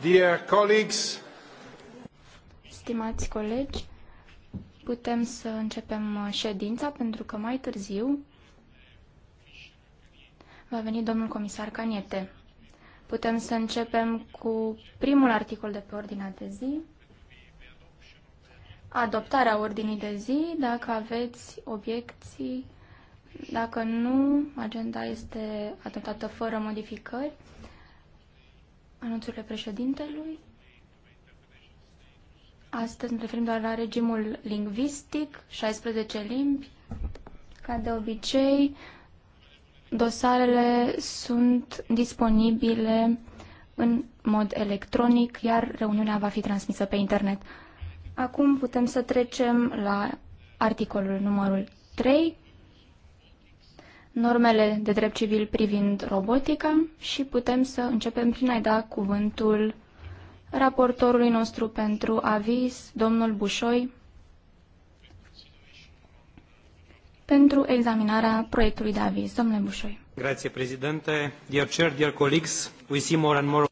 Dear colleagues, Stimați colegi, putem să începem uh, ședința pentru că mai târziu va veni domnul comisar Caniete. Putem să începem cu primul articol de pe ordinea de zi, adoptarea ordinii de zi, dacă aveți obiecții, dacă nu, agenda este adoptată fără modificări anunțurile președintelui. Astăzi ne referim doar la regimul lingvistic, 16 limbi. Ca de obicei, dosarele sunt disponibile în mod electronic, iar reuniunea va fi transmisă pe internet. Acum putem să trecem la articolul numărul 3, normele de drept civil privind robotica și putem să începem prin a-i da cuvântul raportorului nostru pentru aviz, domnul Bușoi, pentru examinarea proiectului de aviz. Domnule Bușoi. Grație, președinte. Dear chair, dear colleagues, we see more and more...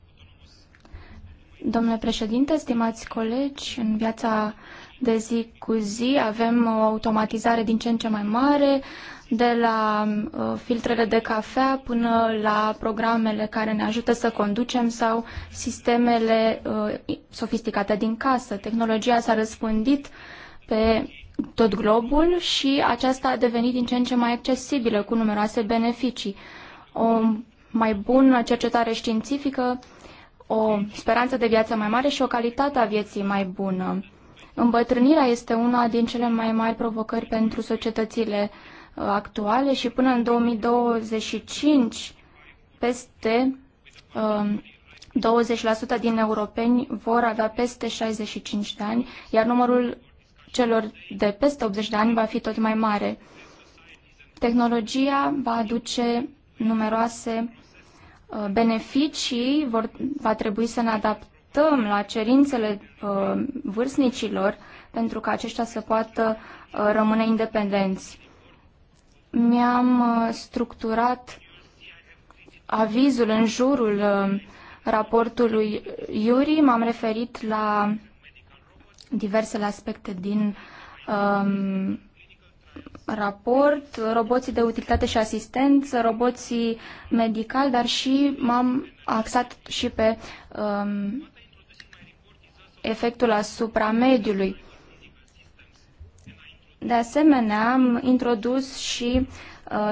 Domnule președinte, stimați colegi, în viața de zi cu zi avem o automatizare din ce în ce mai mare, de la uh, filtrele de cafea până la programele care ne ajută să conducem sau sistemele uh, sofisticate din casă. Tehnologia s-a răspândit pe tot globul și aceasta a devenit din ce în ce mai accesibilă cu numeroase beneficii. O mai bună cercetare științifică, o speranță de viață mai mare și o calitate a vieții mai bună. Îmbătrânirea este una din cele mai mari provocări pentru societățile uh, actuale și până în 2025 peste 20% um, din europeni vor avea peste 65 de ani, iar numărul celor de peste 80 de ani va fi tot mai mare. Tehnologia va aduce numeroase uh, beneficii, vor, va trebui să ne adaptăm la cerințele uh, vârstnicilor pentru ca aceștia să poată uh, rămâne independenți mi-am uh, structurat avizul în jurul uh, raportului Iuri, m-am referit la diversele aspecte din um, raport, roboții de utilitate și asistență, roboții medical, dar și m-am axat și pe um, efectul asupra mediului. De asemenea, am introdus și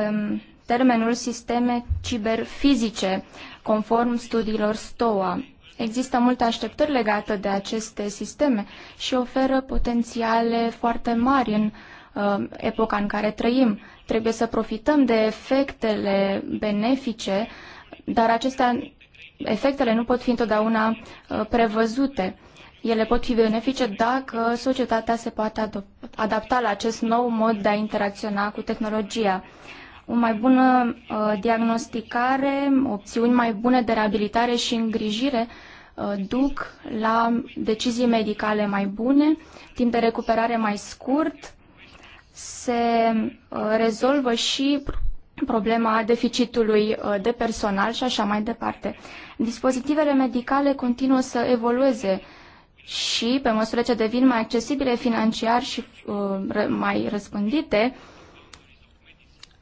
um, termenul sisteme ciberfizice, conform studiilor STOA. Există multe așteptări legate de aceste sisteme și oferă potențiale foarte mari în uh, epoca în care trăim. Trebuie să profităm de efectele benefice, dar acestea, efectele nu pot fi întotdeauna uh, prevăzute. Ele pot fi benefice dacă societatea se poate adapta la acest nou mod de a interacționa cu tehnologia. O mai bună uh, diagnosticare, opțiuni mai bune de reabilitare și îngrijire uh, duc la decizii medicale mai bune, timp de recuperare mai scurt, se uh, rezolvă și problema deficitului de personal și așa mai departe. Dispozitivele medicale continuă să evolueze și pe măsură ce devin mai accesibile financiar și uh, mai răspândite,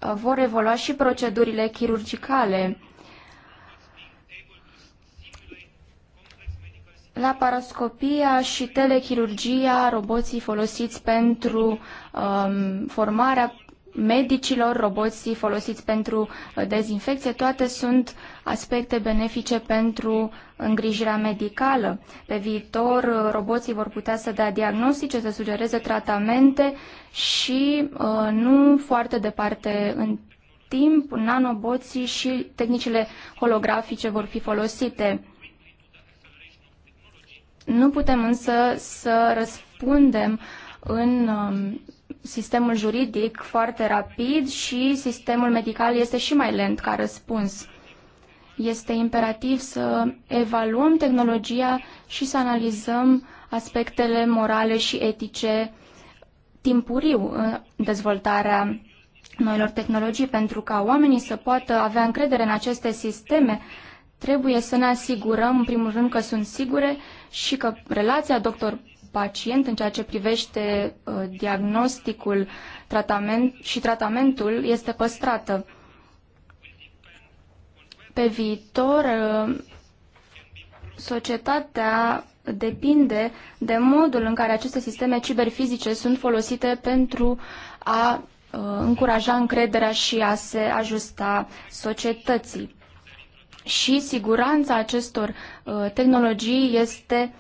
uh, vor evolua și procedurile chirurgicale. Laparoscopia și telechirurgia, roboții folosiți pentru um, formarea medicilor, roboții folosiți pentru uh, dezinfecție, toate sunt aspecte benefice pentru îngrijirea medicală. Pe viitor, roboții vor putea să dea diagnostice, să sugereze tratamente și uh, nu foarte departe în timp, nanoboții și tehnicile holografice vor fi folosite. Nu putem însă să răspundem în um, sistemul juridic foarte rapid și sistemul medical este și mai lent ca răspuns. Este imperativ să evaluăm tehnologia și să analizăm aspectele morale și etice timpuriu în dezvoltarea noilor tehnologii, pentru ca oamenii să poată avea încredere în aceste sisteme, trebuie să ne asigurăm, în primul rând, că sunt sigure și că relația doctor-pacient în ceea ce privește uh, diagnosticul tratament și tratamentul este păstrată. Pe viitor, ă, societatea depinde de modul în care aceste sisteme ciberfizice sunt folosite pentru a ă, încuraja încrederea și a se ajusta societății. Și siguranța acestor ă, tehnologii este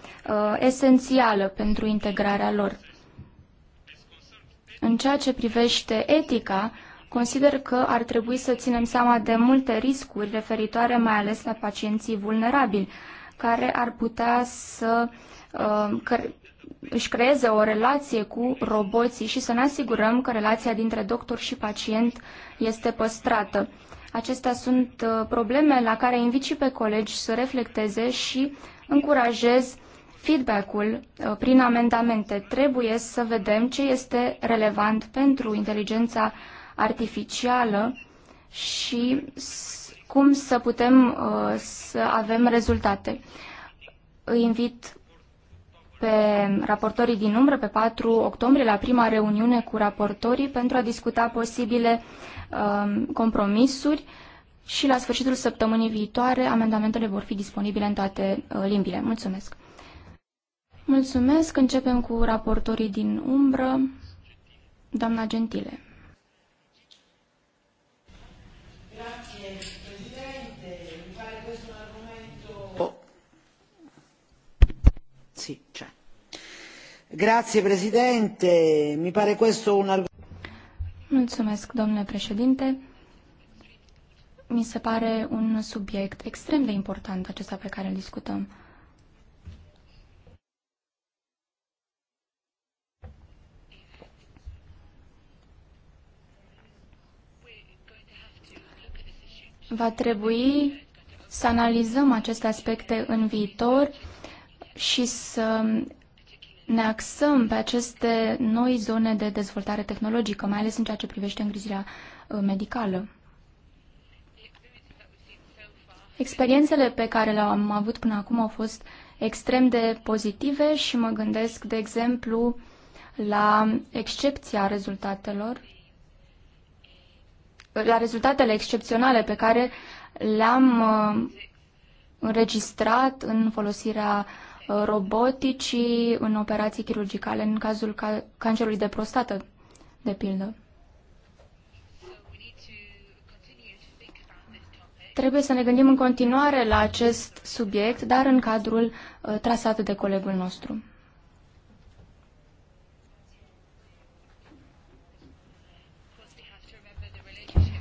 esențială pentru integrarea lor. În ceea ce privește etica, Consider că ar trebui să ținem seama de multe riscuri referitoare mai ales la pacienții vulnerabili, care ar putea să uh, își creeze o relație cu roboții și să ne asigurăm că relația dintre doctor și pacient este păstrată. Acestea sunt uh, probleme la care invit și pe colegi să reflecteze și încurajez feedback-ul uh, prin amendamente. Trebuie să vedem ce este relevant pentru inteligența artificială și cum să putem uh, să avem rezultate. Îi invit pe raportorii din umbră pe 4 octombrie la prima reuniune cu raportorii pentru a discuta posibile um, compromisuri și la sfârșitul săptămânii viitoare amendamentele vor fi disponibile în toate uh, limbile. Mulțumesc! Mulțumesc! Începem cu raportorii din umbră. Doamna Gentile. Grazie, Presidente. Mi pare questo un Mulțumesc, domnule președinte. Mi se pare un subiect extrem de important acesta pe care îl discutăm. Va trebui să analizăm aceste aspecte în viitor și să ne axăm pe aceste noi zone de dezvoltare tehnologică, mai ales în ceea ce privește îngrijirea uh, medicală. Experiențele pe care le-am avut până acum au fost extrem de pozitive și mă gândesc, de exemplu, la excepția rezultatelor, la rezultatele excepționale pe care le-am uh, înregistrat în folosirea uh, roboticii în operații chirurgicale, în cazul ca- cancerului de prostată, de pildă. Trebuie să ne gândim în continuare la acest subiect, dar în cadrul uh, trasat de colegul nostru.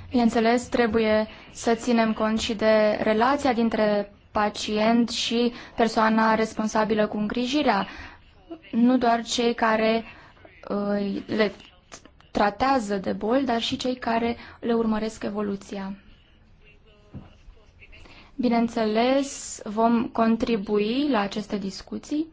Bineînțeles, trebuie să ținem cont și de relația dintre pacient și persoana responsabilă cu îngrijirea, nu doar cei care uh, le tratează de boli, dar și cei care le urmăresc evoluția. Bineînțeles, vom contribui la aceste discuții.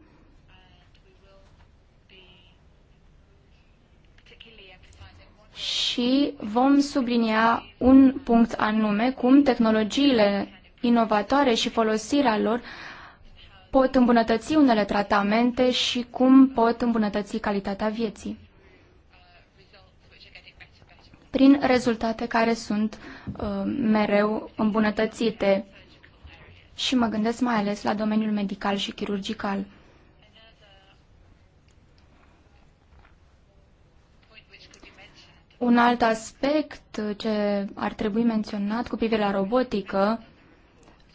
și vom sublinia un punct anume, cum tehnologiile inovatoare și folosirea lor pot îmbunătăți unele tratamente și cum pot îmbunătăți calitatea vieții prin rezultate care sunt uh, mereu îmbunătățite și mă gândesc mai ales la domeniul medical și chirurgical. Un alt aspect ce ar trebui menționat cu privire la robotică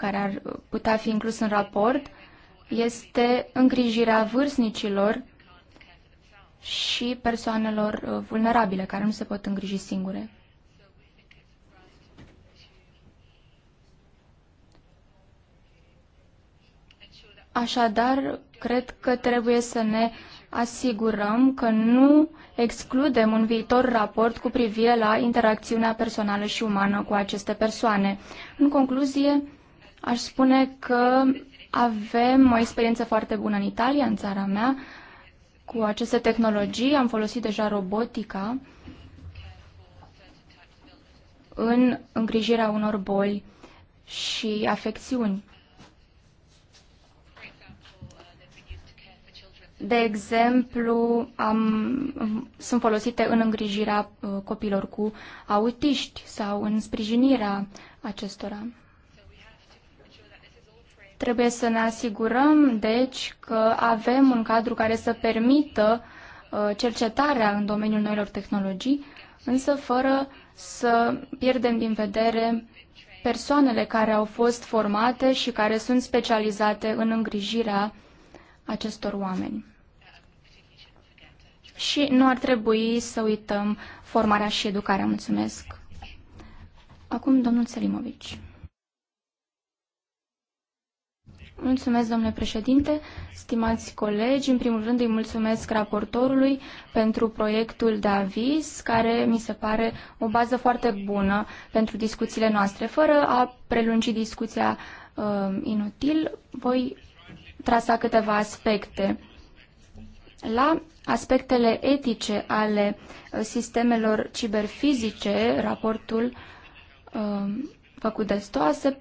care ar putea fi inclus în raport este îngrijirea vârstnicilor și persoanelor uh, vulnerabile care nu se pot îngriji singure. Așadar, cred că trebuie să ne asigurăm că nu excludem un viitor raport cu privire la interacțiunea personală și umană cu aceste persoane. În concluzie, Aș spune că avem o experiență foarte bună în Italia, în țara mea, cu aceste tehnologii. Am folosit deja robotica în îngrijirea unor boli și afecțiuni. De exemplu, am, sunt folosite în îngrijirea uh, copilor cu autiști sau în sprijinirea acestora. Trebuie să ne asigurăm, deci, că avem un cadru care să permită uh, cercetarea în domeniul noilor tehnologii, însă fără să pierdem din vedere persoanele care au fost formate și care sunt specializate în îngrijirea acestor oameni. Și nu ar trebui să uităm formarea și educarea. Mulțumesc! Acum domnul Selimovici. Mulțumesc, domnule președinte, stimați colegi. În primul rând îi mulțumesc raportorului pentru proiectul de aviz, care mi se pare o bază foarte bună pentru discuțiile noastre. Fără a prelungi discuția uh, inutil, voi trasa câteva aspecte. La aspectele etice ale uh, sistemelor ciberfizice, raportul uh, făcut de STOA se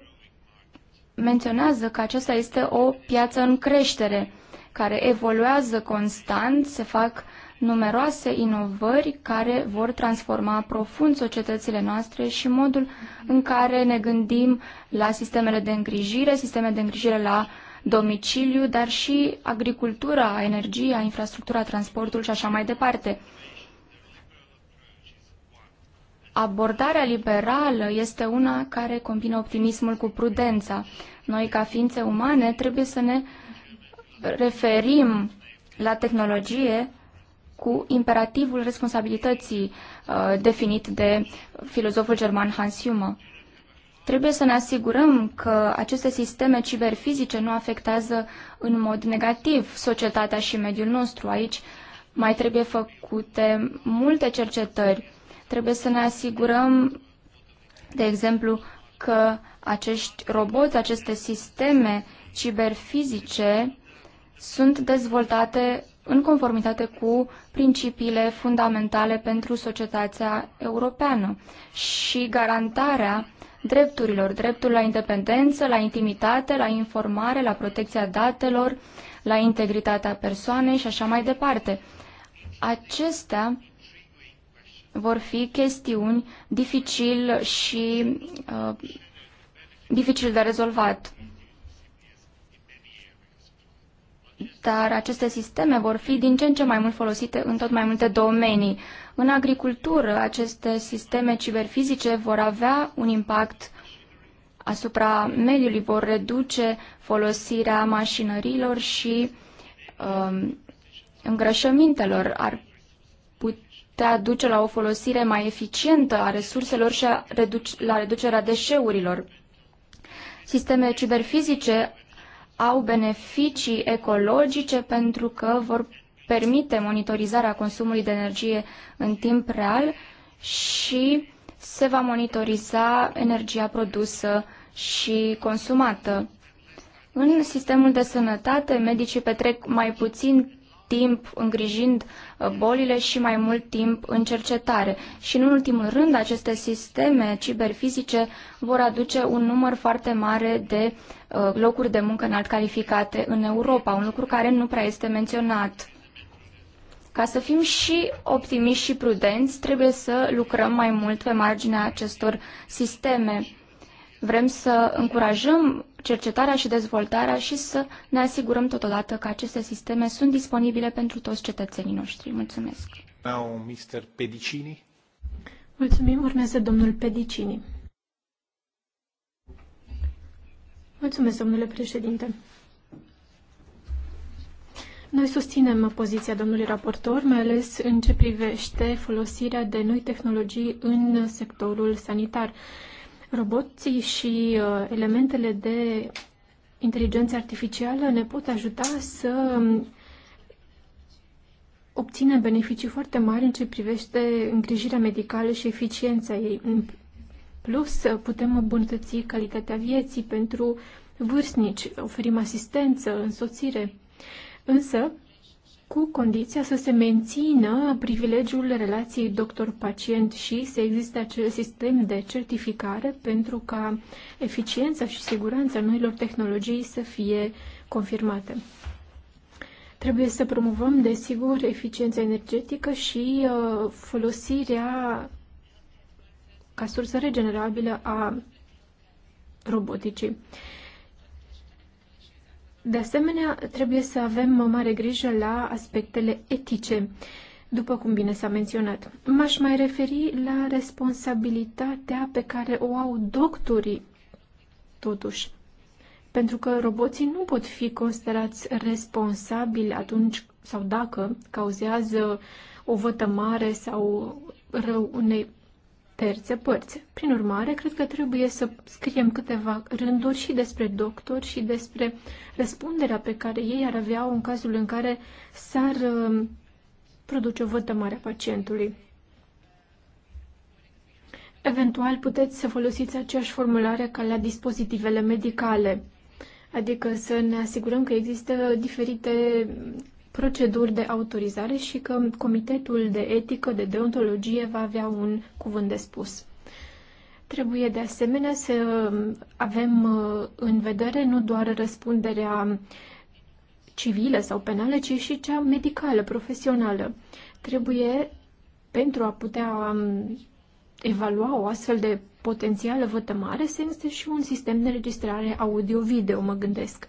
menționează că aceasta este o piață în creștere, care evoluează constant, se fac numeroase inovări care vor transforma profund societățile noastre și modul în care ne gândim la sistemele de îngrijire, sisteme de îngrijire la domiciliu, dar și agricultura, energia, infrastructura, transportul și așa mai departe. Abordarea liberală este una care combină optimismul cu prudența. Noi, ca ființe umane, trebuie să ne referim la tehnologie cu imperativul responsabilității uh, definit de filozoful german Hans Hume. Trebuie să ne asigurăm că aceste sisteme ciberfizice nu afectează în mod negativ societatea și mediul nostru. Aici mai trebuie făcute multe cercetări Trebuie să ne asigurăm, de exemplu, că acești roboți, aceste sisteme ciberfizice sunt dezvoltate în conformitate cu principiile fundamentale pentru societatea europeană și garantarea drepturilor, dreptul la independență, la intimitate, la informare, la protecția datelor, la integritatea persoanei și așa mai departe. Acestea vor fi chestiuni dificil și uh, dificil de rezolvat. Dar aceste sisteme vor fi din ce în ce mai mult folosite în tot mai multe domenii. În agricultură, aceste sisteme ciberfizice vor avea un impact asupra mediului, vor reduce folosirea mașinărilor și uh, îngrășămintelor. Ar putea duce la o folosire mai eficientă a resurselor și a reduc- la reducerea deșeurilor. Sisteme ciberfizice au beneficii ecologice pentru că vor permite monitorizarea consumului de energie în timp real și se va monitoriza energia produsă și consumată. În sistemul de sănătate, medicii petrec mai puțin timp îngrijind uh, bolile și mai mult timp în cercetare. Și în ultimul rând, aceste sisteme ciberfizice vor aduce un număr foarte mare de uh, locuri de muncă înalt calificate în Europa, un lucru care nu prea este menționat. Ca să fim și optimiști și prudenți, trebuie să lucrăm mai mult pe marginea acestor sisteme. Vrem să încurajăm cercetarea și dezvoltarea și să ne asigurăm totodată că aceste sisteme sunt disponibile pentru toți cetățenii noștri. Mulțumesc. Now, Mr. Pedicini. Mulțumim. Urmează domnul Pedicini. Mulțumesc, domnule președinte. Noi susținem poziția domnului raportor, mai ales în ce privește folosirea de noi tehnologii în sectorul sanitar. Roboții și uh, elementele de inteligență artificială ne pot ajuta să um, obținem beneficii foarte mari în ce privește îngrijirea medicală și eficiența ei. În plus, uh, putem îmbunătăți calitatea vieții pentru vârstnici, oferim asistență, însoțire. Însă, cu condiția să se mențină privilegiul relației doctor-pacient și să existe acel sistem de certificare pentru ca eficiența și siguranța noilor tehnologii să fie confirmate. Trebuie să promovăm, desigur, eficiența energetică și uh, folosirea ca sursă regenerabilă a roboticii. Uh, de asemenea, trebuie să avem mare grijă la aspectele etice, după cum bine s-a menționat. M-aș mai referi la responsabilitatea pe care o au doctorii, totuși. Pentru că roboții nu pot fi considerați responsabili atunci sau dacă cauzează o vătămare sau rău unei terțe părți. Prin urmare, cred că trebuie să scriem câteva rânduri și despre doctor și despre răspunderea pe care ei ar avea în cazul în care s-ar um, produce o vătămare a pacientului. Eventual puteți să folosiți aceeași formulare ca la dispozitivele medicale, adică să ne asigurăm că există diferite proceduri de autorizare și că Comitetul de Etică de Deontologie va avea un cuvânt de spus. Trebuie de asemenea să avem uh, în vedere nu doar răspunderea civilă sau penală, ci și cea medicală, profesională. Trebuie, pentru a putea um, evalua o astfel de potențială vătămare, să existe și un sistem de registrare audio-video, mă gândesc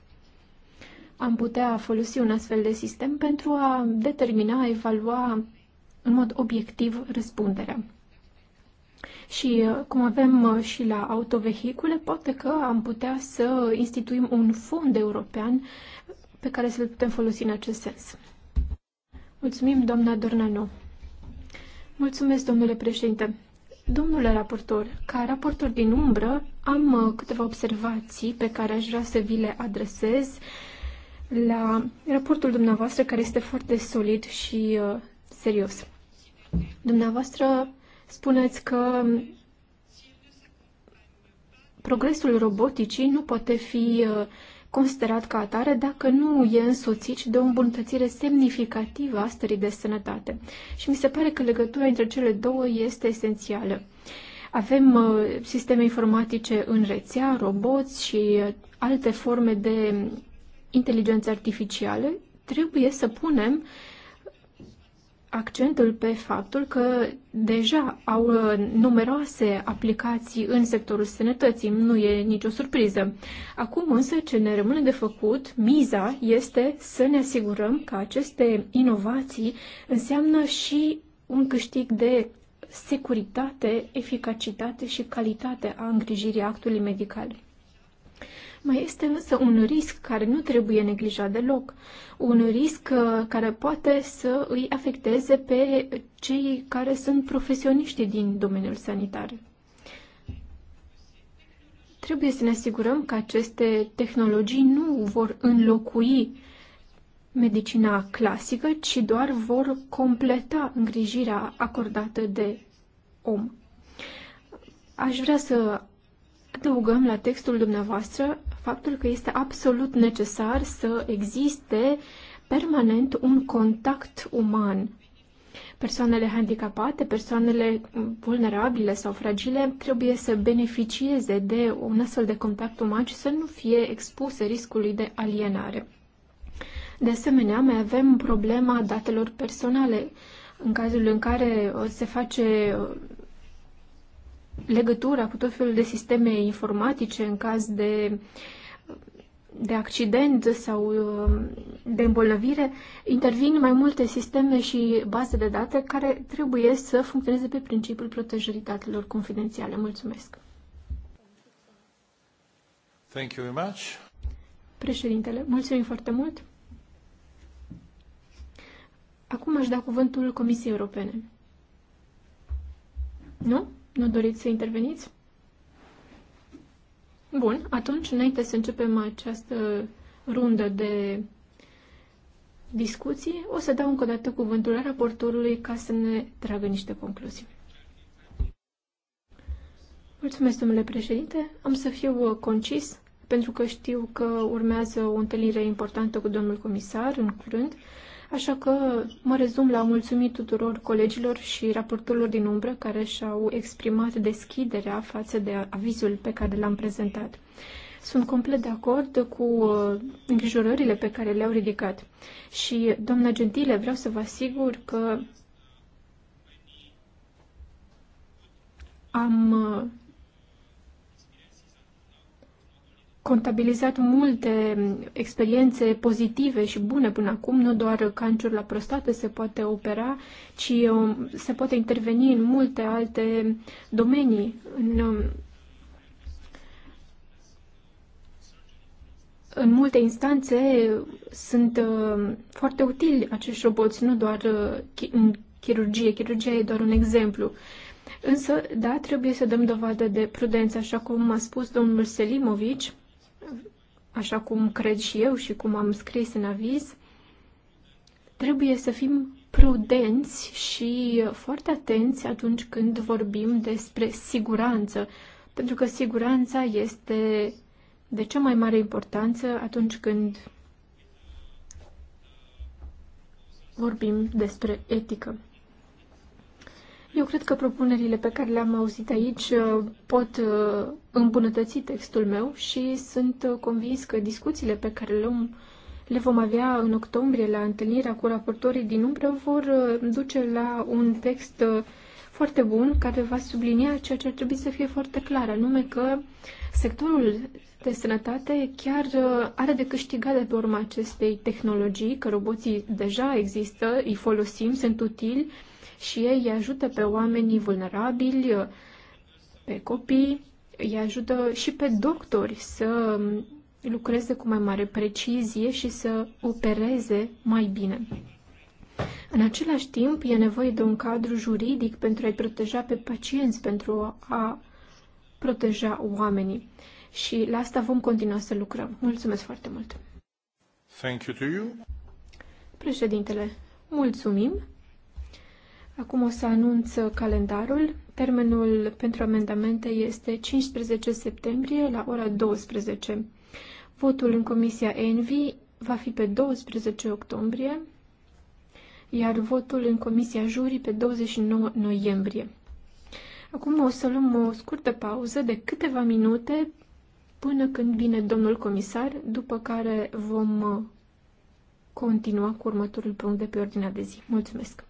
am putea folosi un astfel de sistem pentru a determina, a evalua în mod obiectiv răspunderea. Și uh, cum avem uh, și la autovehicule, poate că am putea să instituim un fond european pe care să-l putem folosi în acest sens. Mulțumim, doamna Dornanu. Mulțumesc, domnule președinte. Domnule raportor, ca raportor din umbră, am uh, câteva observații pe care aș vrea să vi le adresez la raportul dumneavoastră, care este foarte solid și uh, serios. Dumneavoastră spuneți că progresul roboticii nu poate fi uh, considerat ca atare dacă nu e însoțit de o îmbunătățire semnificativă a stării de sănătate. Și mi se pare că legătura între cele două este esențială. Avem uh, sisteme informatice în rețea, roboți și uh, alte forme de Inteligențe artificiale, trebuie să punem accentul pe faptul că deja au uh, numeroase aplicații în sectorul sănătății, nu e nicio surpriză. Acum însă ce ne rămâne de făcut, miza este să ne asigurăm că aceste inovații înseamnă și un câștig de securitate, eficacitate și calitate a îngrijirii actului medical mai este însă un risc care nu trebuie neglijat deloc. Un risc uh, care poate să îi afecteze pe cei care sunt profesioniști din domeniul sanitar. Trebuie să ne asigurăm că aceste tehnologii nu vor înlocui medicina clasică, ci doar vor completa îngrijirea acordată de om. Aș vrea să adăugăm la textul dumneavoastră faptul că este absolut necesar să existe permanent un contact uman. Persoanele handicapate, persoanele vulnerabile sau fragile trebuie să beneficieze de un astfel de contact uman și să nu fie expuse riscului de alienare. De asemenea, mai avem problema datelor personale. În cazul în care se face legătura cu tot felul de sisteme informatice în caz de, de accident sau um, de îmbolnăvire, intervin mai multe sisteme și baze de date care trebuie să funcționeze pe principiul protejării datelor confidențiale. Mulțumesc! Thank you very much. Președintele, mulțumim foarte mult! Acum aș da cuvântul Comisiei Europene. Nu? Nu doriți să interveniți? Bun, atunci, înainte să începem această rundă de discuții, o să dau încă o dată cuvântul raportorului ca să ne tragă niște concluzii. Mulțumesc, domnule președinte. Am să fiu uh, concis, pentru că știu că urmează o întâlnire importantă cu domnul comisar în curând. Așa că mă rezum la mulțumit tuturor colegilor și raportorilor din umbră care și-au exprimat deschiderea față de avizul pe care l-am prezentat. Sunt complet de acord cu uh, îngrijorările pe care le-au ridicat. Și, doamna Gentile, vreau să vă asigur că am uh, contabilizat multe experiențe pozitive și bune până acum, nu doar cancer la prostată se poate opera, ci um, se poate interveni în multe alte domenii. În, um, în multe instanțe sunt um, foarte utili acești roboți, nu doar uh, în chirurgie. Chirurgia e doar un exemplu. Însă, da, trebuie să dăm dovadă de prudență, așa cum a spus domnul Selimovici, așa cum cred și eu și cum am scris în aviz, trebuie să fim prudenți și foarte atenți atunci când vorbim despre siguranță, pentru că siguranța este de cea mai mare importanță atunci când vorbim despre etică. Eu cred că propunerile pe care le-am auzit aici uh, pot uh, îmbunătăți textul meu și sunt uh, convins că discuțiile pe care le vom avea în octombrie la întâlnirea cu raportorii din umbră vor duce la un text foarte bun care va sublinia ceea ce ar trebui să fie foarte clar, anume că sectorul de sănătate chiar are de câștigat de pe urma acestei tehnologii, că roboții deja există, îi folosim, sunt utili, și ei îi ajută pe oamenii vulnerabili, pe copii, îi ajută și pe doctori să lucreze cu mai mare precizie și să opereze mai bine. În același timp, e nevoie de un cadru juridic pentru a-i proteja pe pacienți, pentru a proteja oamenii. Și la asta vom continua să lucrăm. Mulțumesc foarte mult! Thank you to you. Președintele, mulțumim! Acum o să anunț calendarul. Termenul pentru amendamente este 15 septembrie la ora 12. Votul în Comisia ENVI va fi pe 12 octombrie, iar votul în Comisia Juri pe 29 noiembrie. Acum o să luăm o scurtă pauză de câteva minute până când vine domnul comisar, după care vom continua cu următorul punct de pe ordinea de zi. Mulțumesc!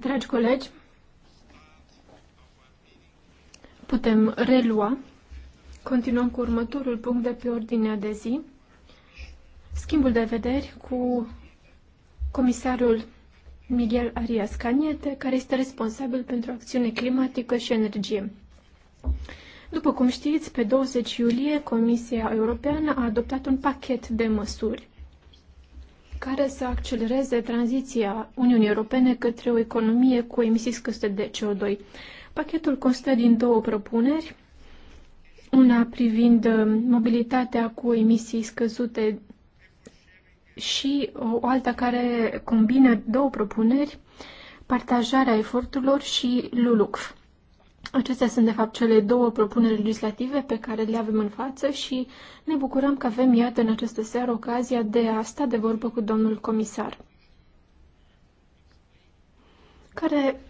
Dragi colegi, putem relua. Continuăm cu următorul punct de pe ordinea de zi. Schimbul de vederi cu comisarul Miguel Arias Caniete, care este responsabil pentru acțiune climatică și energie. După cum știți, pe 20 iulie Comisia Europeană a adoptat un pachet de măsuri care să accelereze tranziția Uniunii Europene către o economie cu emisii scăzute de CO2. Pachetul constă din două propuneri, una privind uh, mobilitatea cu emisii scăzute și uh, o alta care combină două propuneri, partajarea eforturilor și LULUCF. Acestea sunt, de fapt, cele două propuneri legislative pe care le avem în față și ne bucurăm că avem, iată, în această seară ocazia de a sta de vorbă cu domnul comisar, care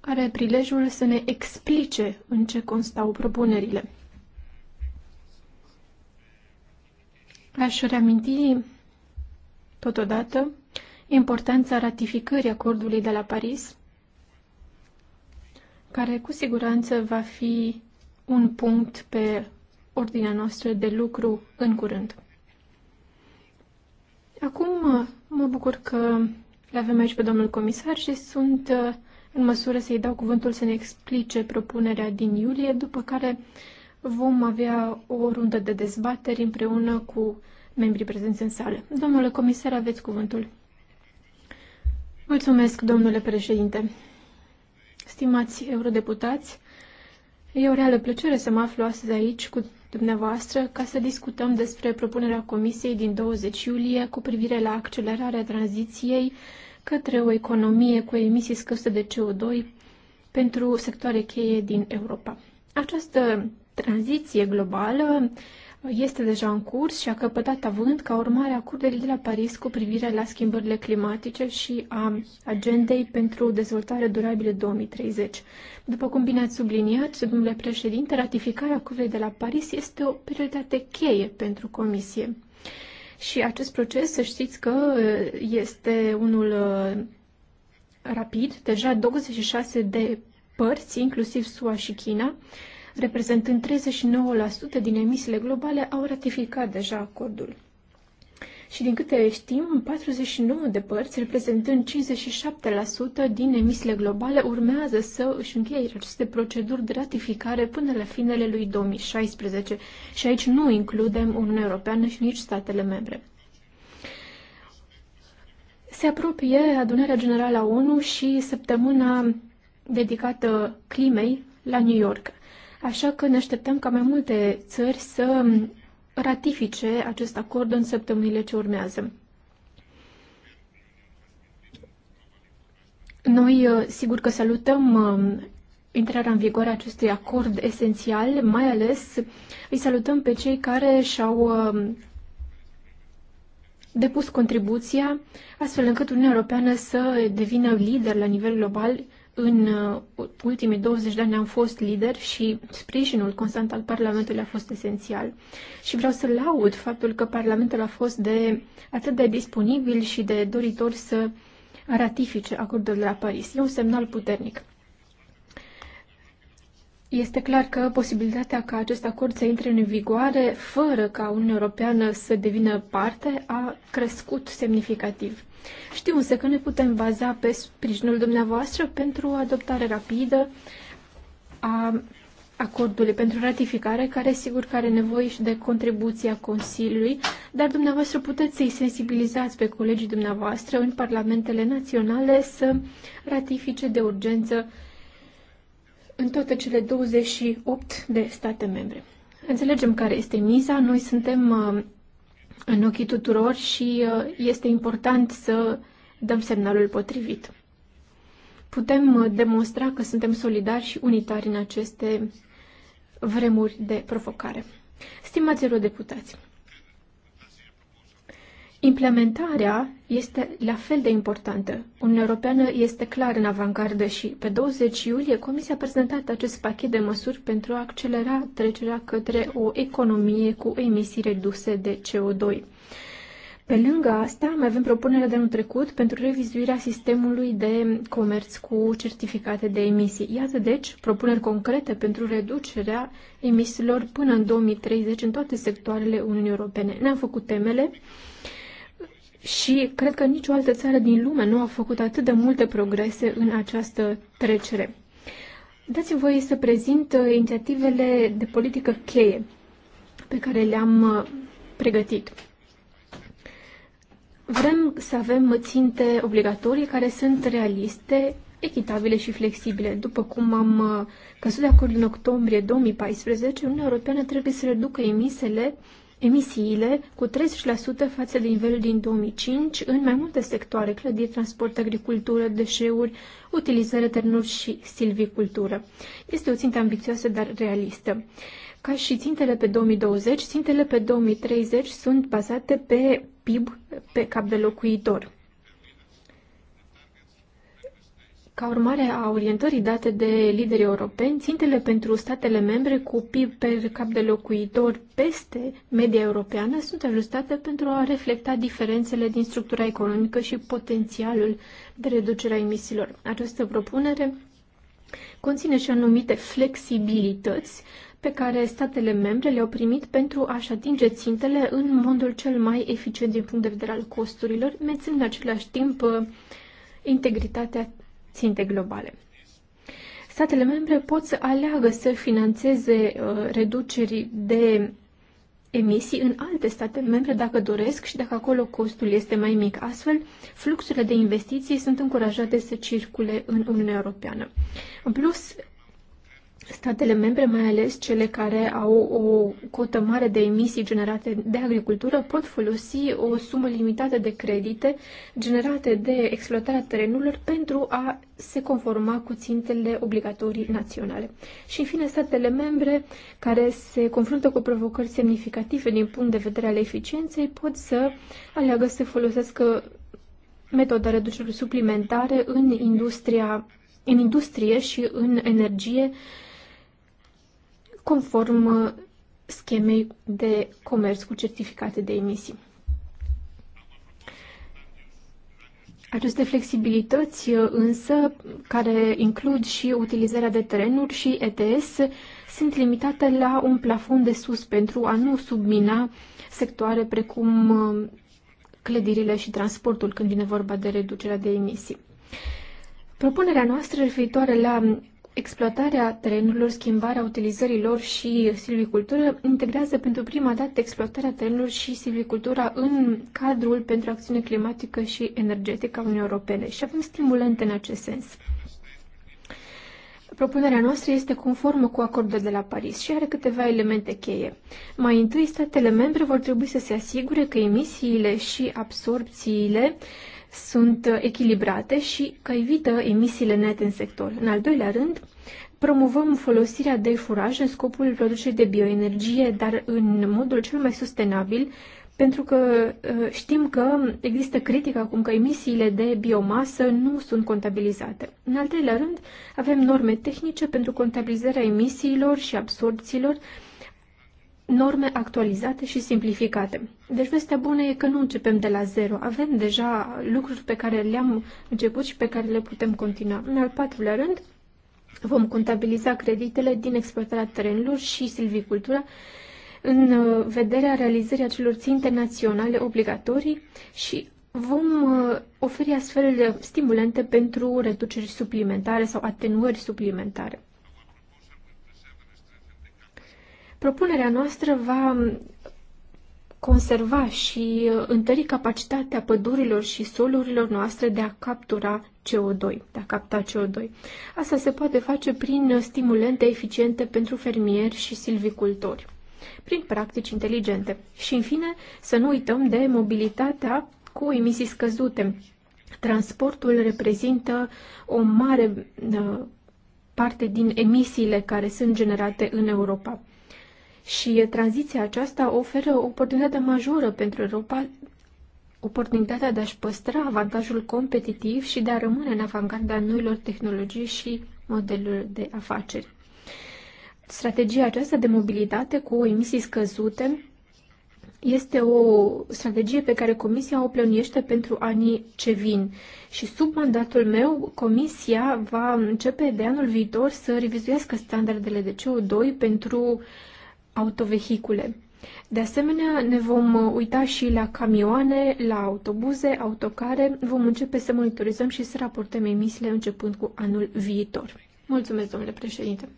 are prilejul să ne explice în ce constau propunerile. Aș reaminti totodată importanța ratificării acordului de la Paris care cu siguranță va fi un punct pe ordinea noastră de lucru în curând. Acum uh, mă bucur că le avem aici pe domnul comisar și sunt uh, în măsură să-i dau cuvântul să ne explice propunerea din iulie, după care vom avea o rundă de dezbateri împreună cu membrii prezenți în sală. Domnule comisar, aveți cuvântul. Mulțumesc, domnule președinte stimați eurodeputați, e o reală plăcere să mă aflu astăzi aici cu dumneavoastră ca să discutăm despre propunerea Comisiei din 20 iulie cu privire la accelerarea tranziției către o economie cu emisii scăzute de CO2 pentru sectoare cheie din Europa. Această tranziție globală este deja în curs și a căpătat avânt ca urmare a acordurilor de la Paris cu privire la schimbările climatice și a agendei pentru dezvoltare durabilă 2030. După cum bine ați subliniat, domnule președinte, ratificarea acordului de la Paris este o prioritate cheie pentru Comisie. Și acest proces, să știți că este unul rapid, deja 26 de părți, inclusiv SUA și China, reprezentând 39% din emisiile globale, au ratificat deja acordul. Și din câte știm, 49 de părți, reprezentând 57% din emisiile globale, urmează să își încheie aceste proceduri de ratificare până la finele lui 2016 și aici nu includem Uniunea Europeană și nici statele membre. Se apropie adunarea generală a ONU și săptămâna dedicată climei la New York așa că ne așteptăm ca mai multe țări să ratifice acest acord în săptămânile ce urmează. Noi uh, sigur că salutăm um, intrarea în vigoare a acestui acord esențial, mai ales îi salutăm pe cei care și-au um, depus contribuția astfel încât Uniunea Europeană să devină lider la nivel global în uh, ultimii 20 de ani am fost lider și sprijinul constant al Parlamentului a fost esențial. Și vreau să laud faptul că Parlamentul a fost de atât de disponibil și de doritor să ratifice acordul de la Paris. E un semnal puternic. Este clar că posibilitatea ca acest acord să intre în vigoare fără ca Uniunea Europeană să devină parte a crescut semnificativ. Știu însă că ne putem baza pe sprijinul dumneavoastră pentru o adoptare rapidă a acordului pentru ratificare, care sigur că are nevoie și de contribuția Consiliului, dar dumneavoastră puteți să-i sensibilizați pe colegii dumneavoastră în parlamentele naționale să ratifice de urgență în toate cele 28 de state membre. Înțelegem care este miza, noi suntem uh, în ochii tuturor și uh, este important să dăm semnalul potrivit. Putem uh, demonstra că suntem solidari și unitari în aceste vremuri de provocare. Stimați eurodeputați, Implementarea este la fel de importantă. Uniunea Europeană este clar în avangardă și pe 20 iulie Comisia a prezentat acest pachet de măsuri pentru a accelera trecerea către o economie cu emisii reduse de CO2. Pe lângă asta, mai avem propunerea de anul trecut pentru revizuirea sistemului de comerț cu certificate de emisii. Iată, deci, propuneri concrete pentru reducerea emisiilor până în 2030 în toate sectoarele Uniunii Europene. Ne-am făcut temele și cred că nicio altă țară din lume nu a făcut atât de multe progrese în această trecere. Dați-mi voie să prezint uh, inițiativele de politică cheie pe care le-am uh, pregătit. Vrem să avem ținte obligatorii care sunt realiste, echitabile și flexibile. După cum am uh, căzut de acord în octombrie 2014, Uniunea Europeană trebuie să reducă emisele emisiile cu 30% față de nivelul din 2005 în mai multe sectoare, clădiri, transport, agricultură, deșeuri, utilizare terenuri și silvicultură. Este o țintă ambițioasă, dar realistă. Ca și țintele pe 2020, țintele pe 2030 sunt bazate pe PIB pe cap de locuitor. Ca urmare a orientării date de liderii europeni, țintele pentru statele membre cu PIB per cap de locuitor peste media europeană sunt ajustate pentru a reflecta diferențele din structura economică și potențialul de reducere a emisiilor. Această propunere conține și anumite flexibilități pe care statele membre le-au primit pentru a-și atinge țintele în modul cel mai eficient din punct de vedere al costurilor, menținând în același timp uh, integritatea ținte globale. Statele membre pot să aleagă să financeze uh, reduceri de emisii în alte state membre dacă doresc și dacă acolo costul este mai mic. Astfel, fluxurile de investiții sunt încurajate să circule în Uniunea Europeană. În plus, statele membre, mai ales cele care au o cotă mare de emisii generate de agricultură, pot folosi o sumă limitată de credite generate de exploatarea terenurilor pentru a se conforma cu țintele obligatorii naționale. Și, în fine, statele membre care se confruntă cu provocări semnificative din punct de vedere al eficienței pot să aleagă să folosească metoda reducerilor suplimentare în industria în industrie și în energie conform uh, schemei de comerț cu certificate de emisii. Aceste flexibilități uh, însă, care includ și utilizarea de terenuri și ETS, sunt limitate la un plafon de sus pentru a nu submina sectoare precum uh, clădirile și transportul când vine vorba de reducerea de emisii. Propunerea noastră referitoare la exploatarea terenurilor, schimbarea utilizării lor și silvicultură integrează pentru prima dată exploatarea terenurilor și silvicultura în cadrul pentru acțiune climatică și energetică a Uniunii Europene și avem stimulente în acest sens. Propunerea noastră este conformă cu acordul de la Paris și are câteva elemente cheie. Mai întâi, statele membre vor trebui să se asigure că emisiile și absorpțiile uh, sunt echilibrate și că evită emisiile nete în sector. În al doilea rând, promovăm folosirea de furaj în scopul producerii de bioenergie, dar în modul cel mai sustenabil, pentru că ă, știm că există critică acum că emisiile de biomasă nu sunt contabilizate. În al treilea rând, avem norme tehnice pentru contabilizarea emisiilor și absorpțiilor, norme actualizate și simplificate. Deci vestea bună e că nu începem de la zero. Avem deja lucruri pe care le-am început și pe care le putem continua. În al patrulea rând, vom contabiliza creditele din exploatarea terenurilor și silvicultura în uh, vederea realizării acelor ținte naționale obligatorii și vom uh, oferi astfel stimulente pentru reduceri suplimentare sau atenuări suplimentare. Propunerea noastră va conserva și uh, întări capacitatea pădurilor și solurilor noastre de a captura CO2, de a capta CO2. Asta se poate face prin uh, stimulente eficiente pentru fermieri și silvicultori, prin practici inteligente. Și, în fine, să nu uităm de mobilitatea cu emisii scăzute. Transportul reprezintă o mare uh, parte din emisiile care sunt generate în Europa. Și tranziția aceasta oferă o oportunitate majoră pentru Europa, oportunitatea de a-și păstra avantajul competitiv și de a rămâne în avangarda noilor tehnologii și modeluri de afaceri. Strategia aceasta de mobilitate cu emisii scăzute este o strategie pe care Comisia o plănuiește pentru anii ce vin. Și sub mandatul meu, Comisia va începe de anul viitor să revizuiască standardele de CO2 pentru autovehicule. De asemenea, ne vom uh, uita și la camioane, la autobuze, autocare. Vom începe să monitorizăm și să raportăm emisiile începând cu anul viitor. Mulțumesc, domnule președinte!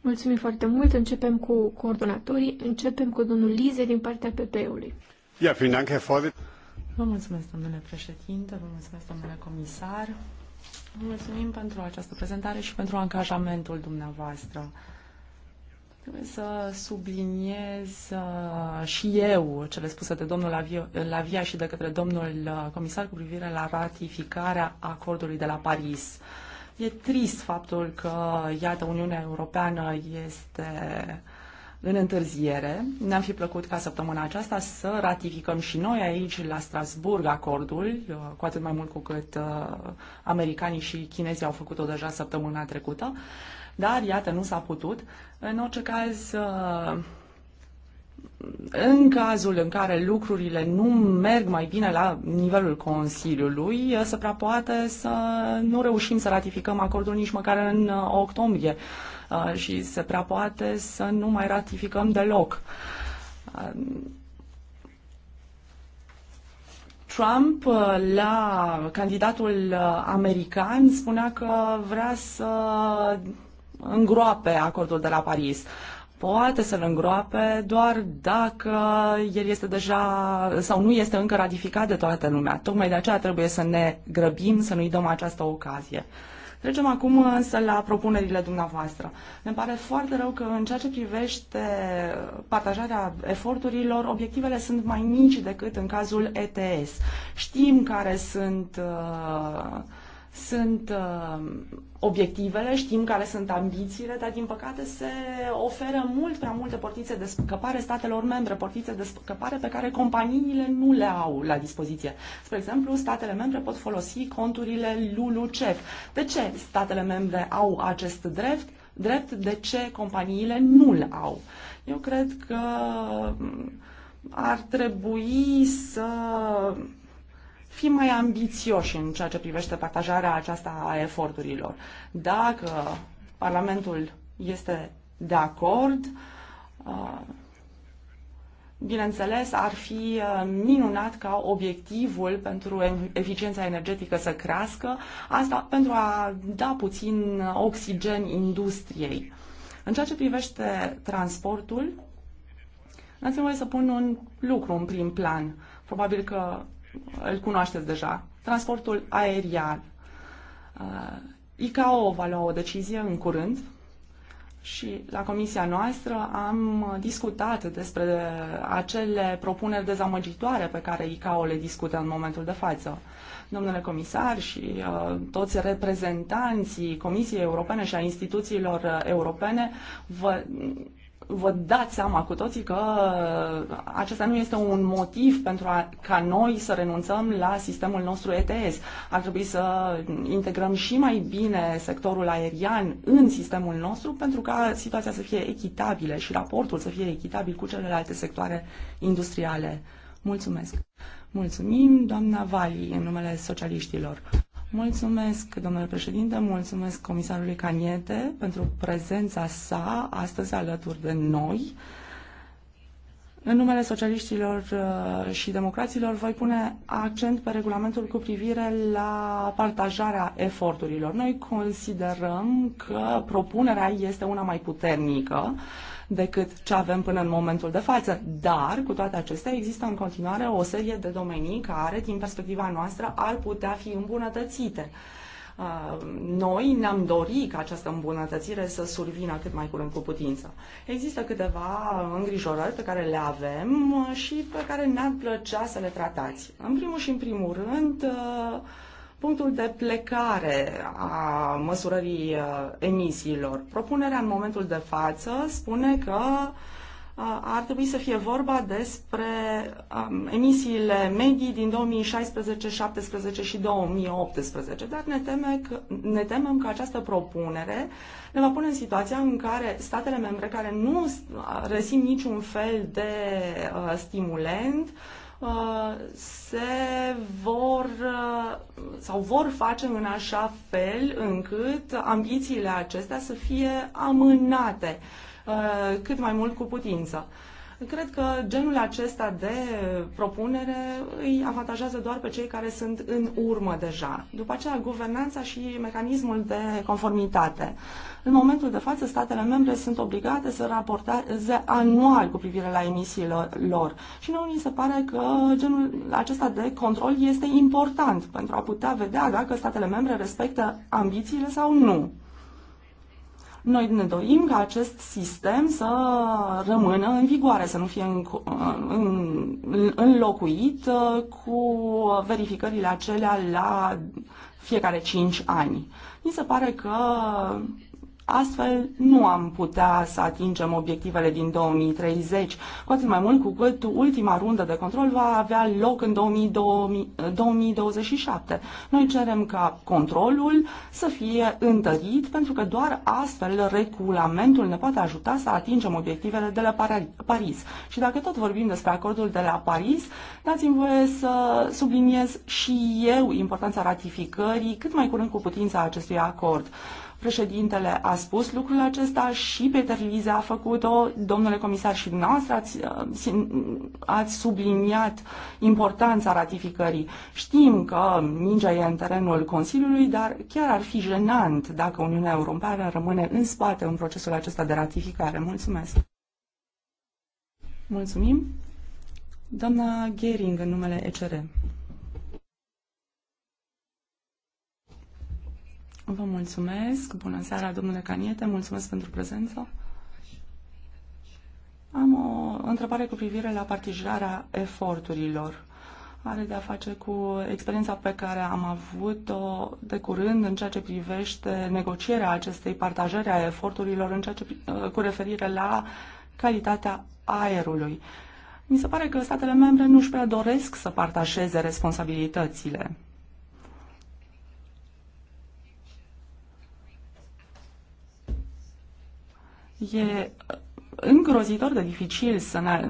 Mulțumim foarte mult. Începem cu coordonatorii. Începem cu domnul Lize din partea PP-ului. Ja, vielen Dank, Herr Vă mulțumesc, domnule președinte, vă mulțumesc, domnule comisar. Mulțumim pentru această prezentare și pentru angajamentul dumneavoastră. Trebuie să subliniez uh, și eu cele spuse de domnul Lavia și de către domnul uh, comisar cu privire la ratificarea acordului de la Paris. E trist faptul că, iată, Uniunea Europeană este în întârziere. Ne-am fi plăcut ca săptămâna aceasta să ratificăm și noi aici la Strasburg acordul, cu atât mai mult cu cât uh, americanii și chinezii au făcut-o deja săptămâna trecută, dar iată, nu s-a putut. În orice caz, uh, în cazul în care lucrurile nu merg mai bine la nivelul Consiliului, uh, se prea poate să nu reușim să ratificăm acordul nici măcar în octombrie. Uh, și se prea poate să nu mai ratificăm deloc. Uh, Trump, uh, la candidatul american, spunea că vrea să îngroape acordul de la Paris. Poate să-l îngroape doar dacă el este deja sau nu este încă ratificat de toată lumea. Tocmai de aceea trebuie să ne grăbim, să nu-i dăm această ocazie. Trecem acum însă la propunerile dumneavoastră. Ne pare foarte rău că în ceea ce privește partajarea eforturilor, obiectivele sunt mai mici decât în cazul ETS. Știm care sunt uh, sunt uh, obiectivele, știm care sunt ambițiile, dar din păcate se oferă mult prea multe portițe de scăpare statelor membre, portițe de scăpare pe care companiile nu le au la dispoziție. Spre exemplu, statele membre pot folosi conturile LULUCEF. De ce statele membre au acest drept? Drept de ce companiile nu-l au? Eu cred că ar trebui să fi mai ambițioși în ceea ce privește partajarea aceasta a eforturilor. Dacă Parlamentul este de acord, uh, bineînțeles, ar fi uh, minunat ca obiectivul pentru eficiența energetică să crească, asta pentru a da puțin oxigen industriei. În ceea ce privește transportul, n mi să pun un lucru în prim plan. Probabil că îl cunoașteți deja, transportul aerian. Uh, ICAO va lua o decizie în curând și la comisia noastră am discutat despre acele propuneri dezamăgitoare pe care ICAO le discută în momentul de față. Domnule comisar și uh, toți reprezentanții Comisiei Europene și a instituțiilor uh, europene vă vă dați seama cu toții că acesta nu este un motiv pentru a, ca noi să renunțăm la sistemul nostru ETS. Ar trebui să integrăm și mai bine sectorul aerian în sistemul nostru pentru ca situația să fie echitabilă și raportul să fie echitabil cu celelalte sectoare industriale. Mulțumesc! Mulțumim, doamna Vali, în numele socialiștilor. Mulțumesc, domnule președinte, mulțumesc comisarului Caniete pentru prezența sa astăzi alături de noi. În numele socialiștilor uh, și democraților voi pune accent pe regulamentul cu privire la partajarea eforturilor. Noi considerăm că propunerea este una mai puternică decât ce avem până în momentul de față. Dar, cu toate acestea, există în continuare o serie de domenii care, din perspectiva noastră, ar putea fi îmbunătățite. Uh, noi ne-am dorit ca această îmbunătățire să survină cât mai curând cu putință. Există câteva îngrijorări pe care le avem uh, și pe care ne-ar plăcea să le tratați. În primul și în primul rând, uh, punctul de plecare a măsurării uh, emisiilor. Propunerea în momentul de față spune că uh, ar trebui să fie vorba despre um, emisiile medii din 2016, 2017 și 2018, dar ne, teme că, ne temem că această propunere ne va pune în situația în care statele membre care nu uh, resim niciun fel de stimulent uh, se vor sau vor face în așa fel încât ambițiile acestea să fie amânate cât mai mult cu putință. Cred că genul acesta de propunere îi avantajează doar pe cei care sunt în urmă deja. După aceea, guvernanța și mecanismul de conformitate. În momentul de față, statele membre sunt obligate să raporteze anual cu privire la emisiile lor. Și nouă ni se pare că genul acesta de control este important pentru a putea vedea dacă statele membre respectă ambițiile sau nu. Noi ne dorim ca acest sistem să rămână în vigoare, să nu fie în, în, înlocuit uh, cu verificările acelea la fiecare 5 ani. Mi se pare că Astfel, nu am putea să atingem obiectivele din 2030. Cu atât mai mult cu cât ultima rundă de control va avea loc în 2020, 2027. Noi cerem ca controlul să fie întărit, pentru că doar astfel regulamentul ne poate ajuta să atingem obiectivele de la Paris. Și dacă tot vorbim despre acordul de la Paris, dați-mi voie să subliniez și eu importanța ratificării cât mai curând cu putința acestui acord. Președintele a spus lucrul acesta și Peter Lize a făcut-o. Domnule comisar, și dumneavoastră ați, uh, ați subliniat importanța ratificării. Știm că mingea e în terenul Consiliului, dar chiar ar fi jenant dacă Uniunea Europeană rămâne în spate în procesul acesta de ratificare. Mulțumesc! Mulțumim! Doamna Gering, în numele ECR. Vă mulțumesc. Bună seara, domnule Caniete. Mulțumesc pentru prezență. Am o întrebare cu privire la partajarea eforturilor. Are de-a face cu experiența pe care am avut-o de curând în ceea ce privește negocierea acestei partajări a eforturilor în ceea ce, ă, cu referire la calitatea aerului. Mi se pare că statele membre nu își prea doresc să partajeze responsabilitățile. E uh, îngrozitor de dificil să, ne,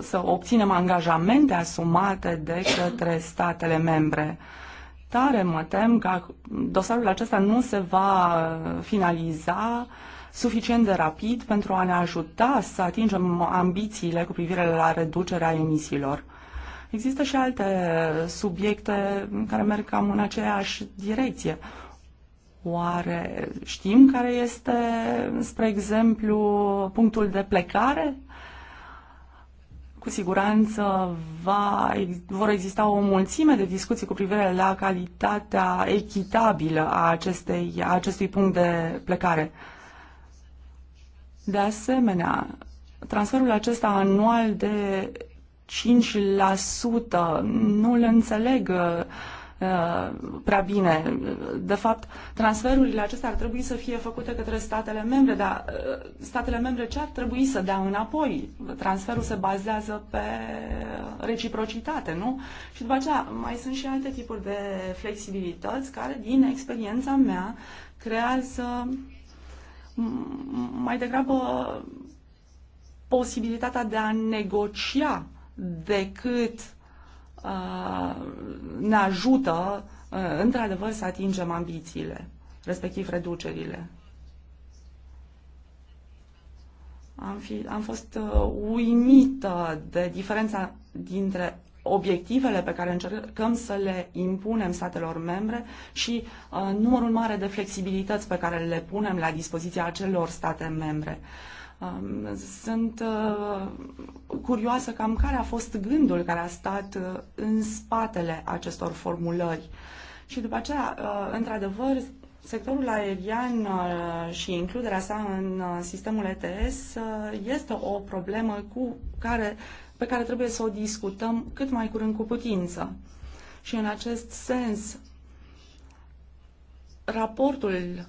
să obținem angajamente asumate de către statele membre. Tare mă tem că dosarul acesta nu se va uh, finaliza suficient de rapid pentru a ne ajuta să atingem ambițiile cu privire la reducerea emisiilor. Există și alte uh, subiecte care merg cam în aceeași direcție. Oare știm care este, spre exemplu, punctul de plecare? Cu siguranță va, vor exista o mulțime de discuții cu privire la calitatea echitabilă a, acestei, a acestui punct de plecare. De asemenea, transferul acesta anual de 5% nu îl înțeleg uh, Uh, prea bine. De fapt, transferurile acestea ar trebui să fie făcute către statele membre, dar uh, statele membre ce ar trebui să dea înapoi? Transferul se bazează pe reciprocitate, nu? Și după aceea mai sunt și alte tipuri de flexibilități care, din experiența mea, creează mai degrabă posibilitatea de a negocia decât Uh, ne ajută uh, într-adevăr să atingem ambițiile, respectiv reducerile. Am, fi, am fost uh, uimită de diferența dintre obiectivele pe care încercăm să le impunem statelor membre și uh, numărul mare de flexibilități pe care le punem la dispoziția acelor state membre. Uh, Um, sunt uh, curioasă cam care a fost gândul care a stat uh, în spatele acestor formulări. Și după aceea, uh, într-adevăr, sectorul aerian și includerea sa în sistemul ETS este o problemă cu care, pe care trebuie să o discutăm cât mai curând cu putință. Și în acest sens, raportul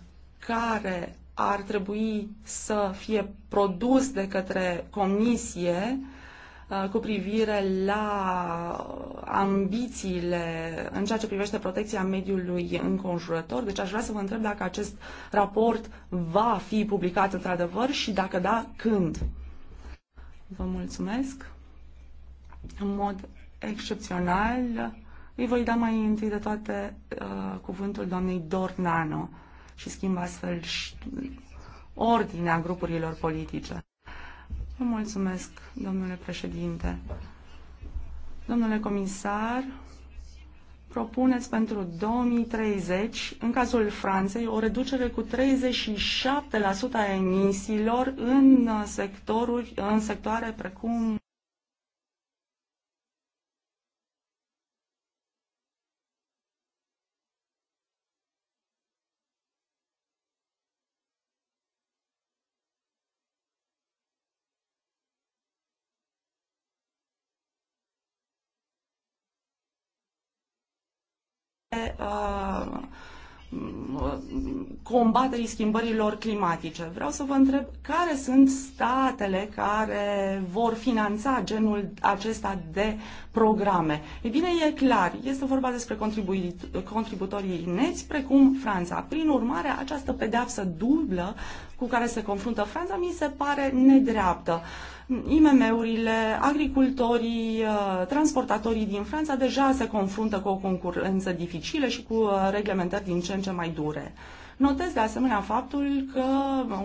care ar trebui să fie produs de către comisie uh, cu privire la uh, ambițiile în ceea ce privește protecția mediului înconjurător. Deci aș vrea să vă întreb dacă acest raport va fi publicat într-adevăr și dacă da, când. Vă mulțumesc. În mod excepțional, îi voi da mai întâi de toate uh, cuvântul doamnei Dornano și schimbă astfel ordinea grupurilor politice. Vă mulțumesc, domnule președinte. Domnule comisar, propuneți pentru 2030, în cazul Franței, o reducere cu 37% a emisiilor în, uh, sectoruri, în sectoare precum Uh, combaterii schimbărilor climatice. Vreau să vă întreb care sunt statele care vor finanța genul acesta de programe. E bine, e clar, este vorba despre contributorii neți, precum Franța. Prin urmare, această pedeapsă dublă cu care se confruntă Franța mi se pare nedreaptă. IMM-urile, agricultorii, uh, transportatorii din Franța deja se confruntă cu o concurență dificilă și cu uh, reglementări din ce în ce mai dure. Notez de asemenea faptul că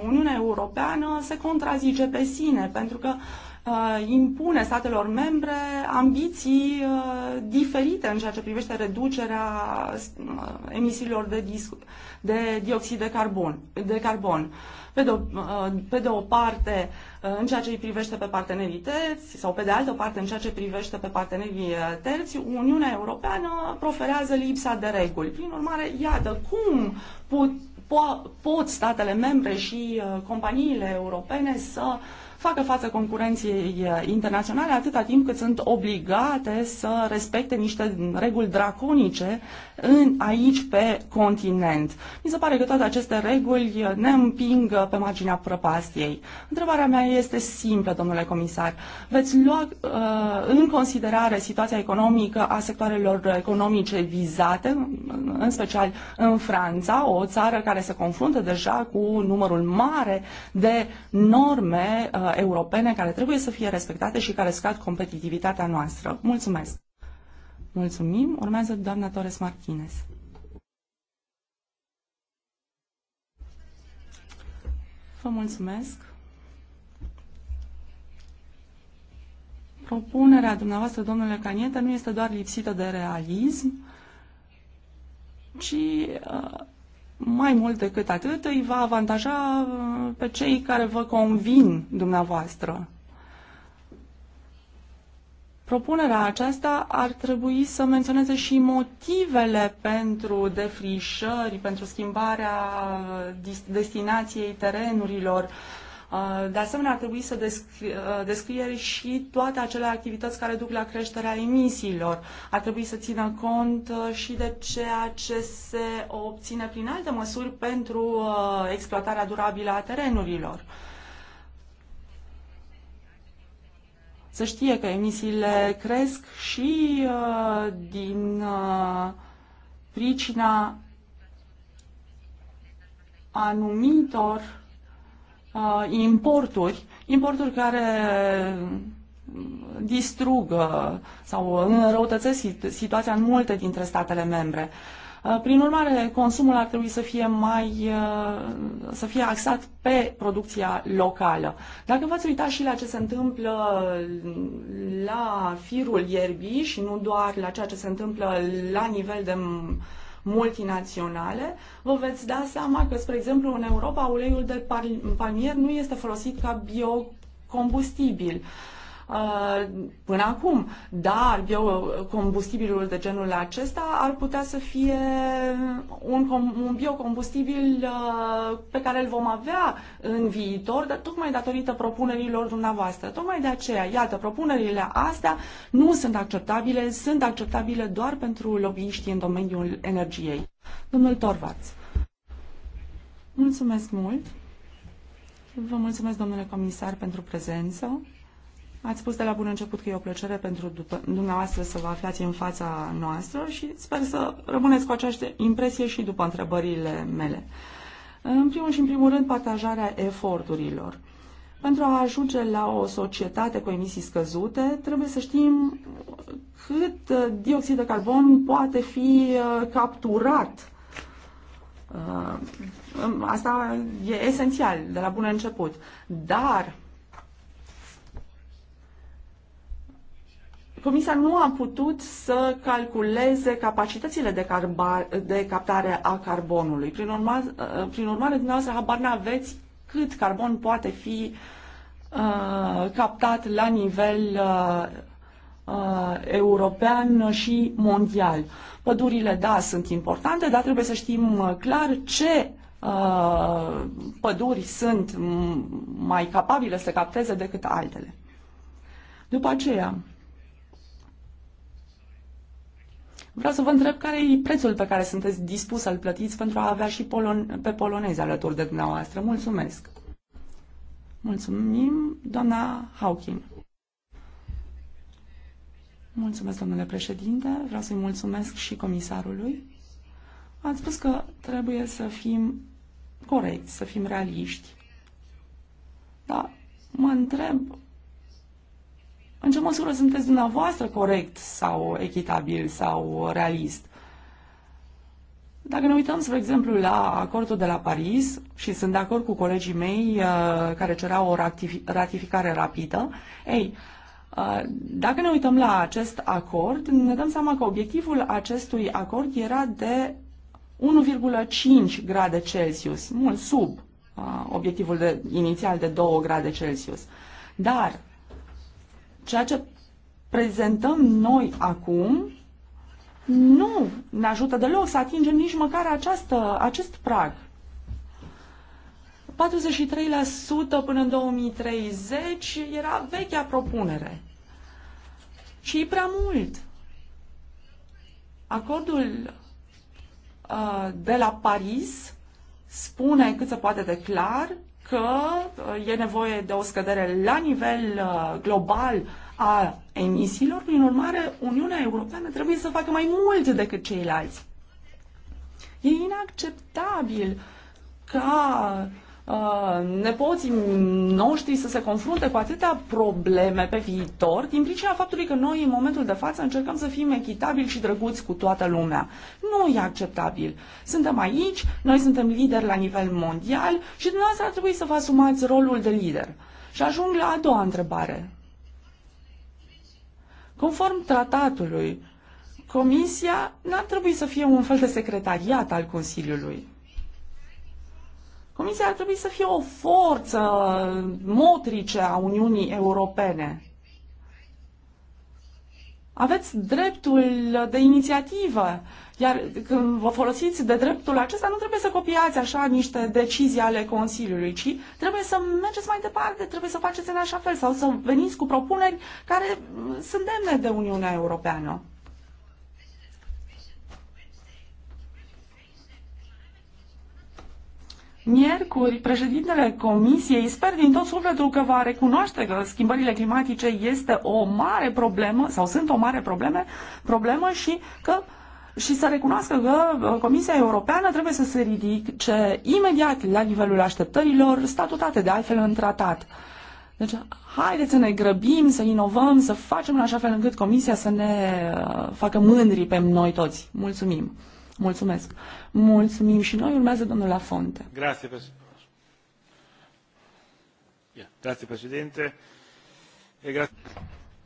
Uniunea Europeană se contrazice pe sine, pentru că uh, impune statelor membre ambiții diferite în ceea ce privește reducerea emisiilor de, disc, de dioxid de carbon. De carbon pe de, o, uh, pe de o parte uh, în ceea ce îi privește pe partenerii terți sau pe de altă parte în ceea ce privește pe partenerii uh, terți, Uniunea Europeană proferează lipsa de reguli. Prin urmare, iată cum pot, pot statele membre și companiile europene să uh, facă față concurenției internaționale atâta timp cât sunt obligate să respecte niște reguli draconice în, aici pe continent. Mi se pare că toate aceste reguli ne împing pe marginea prăpastiei. Întrebarea mea este simplă, domnule comisar. Veți lua uh, în considerare situația economică a sectoarelor economice vizate, în special în Franța, o țară care se confruntă deja cu numărul mare de norme uh, Uh, europene care trebuie să fie respectate și care scad competitivitatea noastră. Mulțumesc! Mulțumim! Urmează doamna Torres Martinez. Vă mulțumesc! Propunerea dumneavoastră, domnule Canietă, nu este doar lipsită de realism, ci uh, mai mult decât atât, îi va avantaja uh, pe cei care vă convin dumneavoastră. Propunerea aceasta ar trebui să menționeze și motivele pentru defrișări, pentru schimbarea uh, destinației terenurilor, uh, Uh, de asemenea, ar trebui să uh, descrie, și toate acele activități care duc la creșterea emisiilor. Ar trebui să țină cont uh, și de ceea ce se obține prin alte măsuri pentru exploatarea durabilă a terenurilor. Să știe că emisiile cresc și din pricina anumitor uh, importuri, importuri care distrugă sau înrăutățesc situația în multe dintre statele membre. Uh, prin urmare, consumul ar trebui să fie mai uh, să fie axat pe producția locală. Dacă v-ați uitat și la ce se întâmplă la firul ierbii și nu doar la ceea ce se întâmplă la nivel de multinaționale, vă veți da seama că, spre exemplu, în Europa, uleiul de palmier nu este folosit ca biocombustibil. Uh, Uh, până acum. Dar biocombustibilul de genul acesta ar putea să fie un, un biocombustibil uh, pe care îl vom avea în viitor, dar tocmai datorită propunerilor dumneavoastră. Tocmai de aceea, iată, propunerile astea nu sunt acceptabile, sunt acceptabile doar pentru lobbyiștii în domeniul energiei. Domnul Torvaț. Mulțumesc mult! Vă mulțumesc, domnule comisar, pentru prezență. Ați spus de la bun început că e o plăcere pentru dumneavoastră să vă aflați în fața noastră și sper să rămâneți cu această impresie și după întrebările mele. În primul și în primul rând, partajarea eforturilor. Pentru a ajunge la o societate cu emisii scăzute, trebuie să știm cât dioxid de carbon poate fi uh, capturat. Uh, asta e esențial de la bun început. Dar Comisia nu a putut să calculeze capacitățile de, carba- de captare a carbonului. Prin, urma, uh, prin urmare, dumneavoastră habar n-aveți cât carbon poate fi uh, captat la nivel uh, uh, european și mondial. Pădurile, da, sunt importante, dar trebuie să știm uh, clar ce uh, păduri sunt mai capabile să capteze decât altele. După aceea, Vreau să vă întreb care e prețul pe care sunteți dispus să-l plătiți pentru a avea și polon- pe polonezi alături de dumneavoastră. Mulțumesc! Mulțumim, doamna Hawking. Mulțumesc, domnule președinte. Vreau să-i mulțumesc și comisarului. Ați spus că trebuie să fim corecți, să fim realiști. Dar mă întreb în ce măsură sunteți dumneavoastră corect sau echitabil sau realist. Dacă ne uităm, spre exemplu, la acordul de la Paris, și sunt de acord cu colegii mei uh, care cereau o ratificare rapidă, ei, uh, dacă ne uităm la acest acord, ne dăm seama că obiectivul acestui acord era de 1,5 grade Celsius, mult sub uh, obiectivul de, inițial de 2 grade Celsius. Dar Ceea ce prezentăm noi acum nu ne ajută deloc să atingem nici măcar această, acest prag. 43% până în 2030 era vechea propunere. Și e prea mult. Acordul uh, de la Paris spune cât se poate de clar că uh, e nevoie de o scădere la nivel uh, global a emisiilor, prin urmare, Uniunea Europeană trebuie să facă mai mult decât ceilalți. E inacceptabil ca Uh, nepoții noștri să se confrunte cu atâtea probleme pe viitor din pricina faptului că noi în momentul de față încercăm să fim echitabili și drăguți cu toată lumea. Nu e acceptabil. Suntem aici, noi suntem lideri la nivel mondial și dumneavoastră ar trebui să vă asumați rolul de lider. Și ajung la a doua întrebare. Conform tratatului, Comisia n-ar trebui să fie un fel de secretariat al Consiliului. Comisia ar trebui să fie o forță motrice a Uniunii Europene. Aveți dreptul de inițiativă, iar când vă folosiți de dreptul acesta, nu trebuie să copiați așa niște decizii ale Consiliului, ci trebuie să mergeți mai departe, trebuie să faceți în așa fel sau să veniți cu propuneri care sunt demne de Uniunea Europeană. Miercuri, președintele Comisiei sper din tot sufletul că va recunoaște că schimbările climatice este o mare problemă sau sunt o mare probleme, problemă și că și să recunoască că uh, Comisia Europeană trebuie să se ridice imediat la nivelul așteptărilor statutate de altfel în tratat. Deci, haideți să ne grăbim, să inovăm, să facem în așa fel încât Comisia să ne uh, facă mândri pe noi toți. Mulțumim! Mulțumesc. Mulțumim și noi. Urmează domnul Lafonte. Grazie, Grazie Presidente.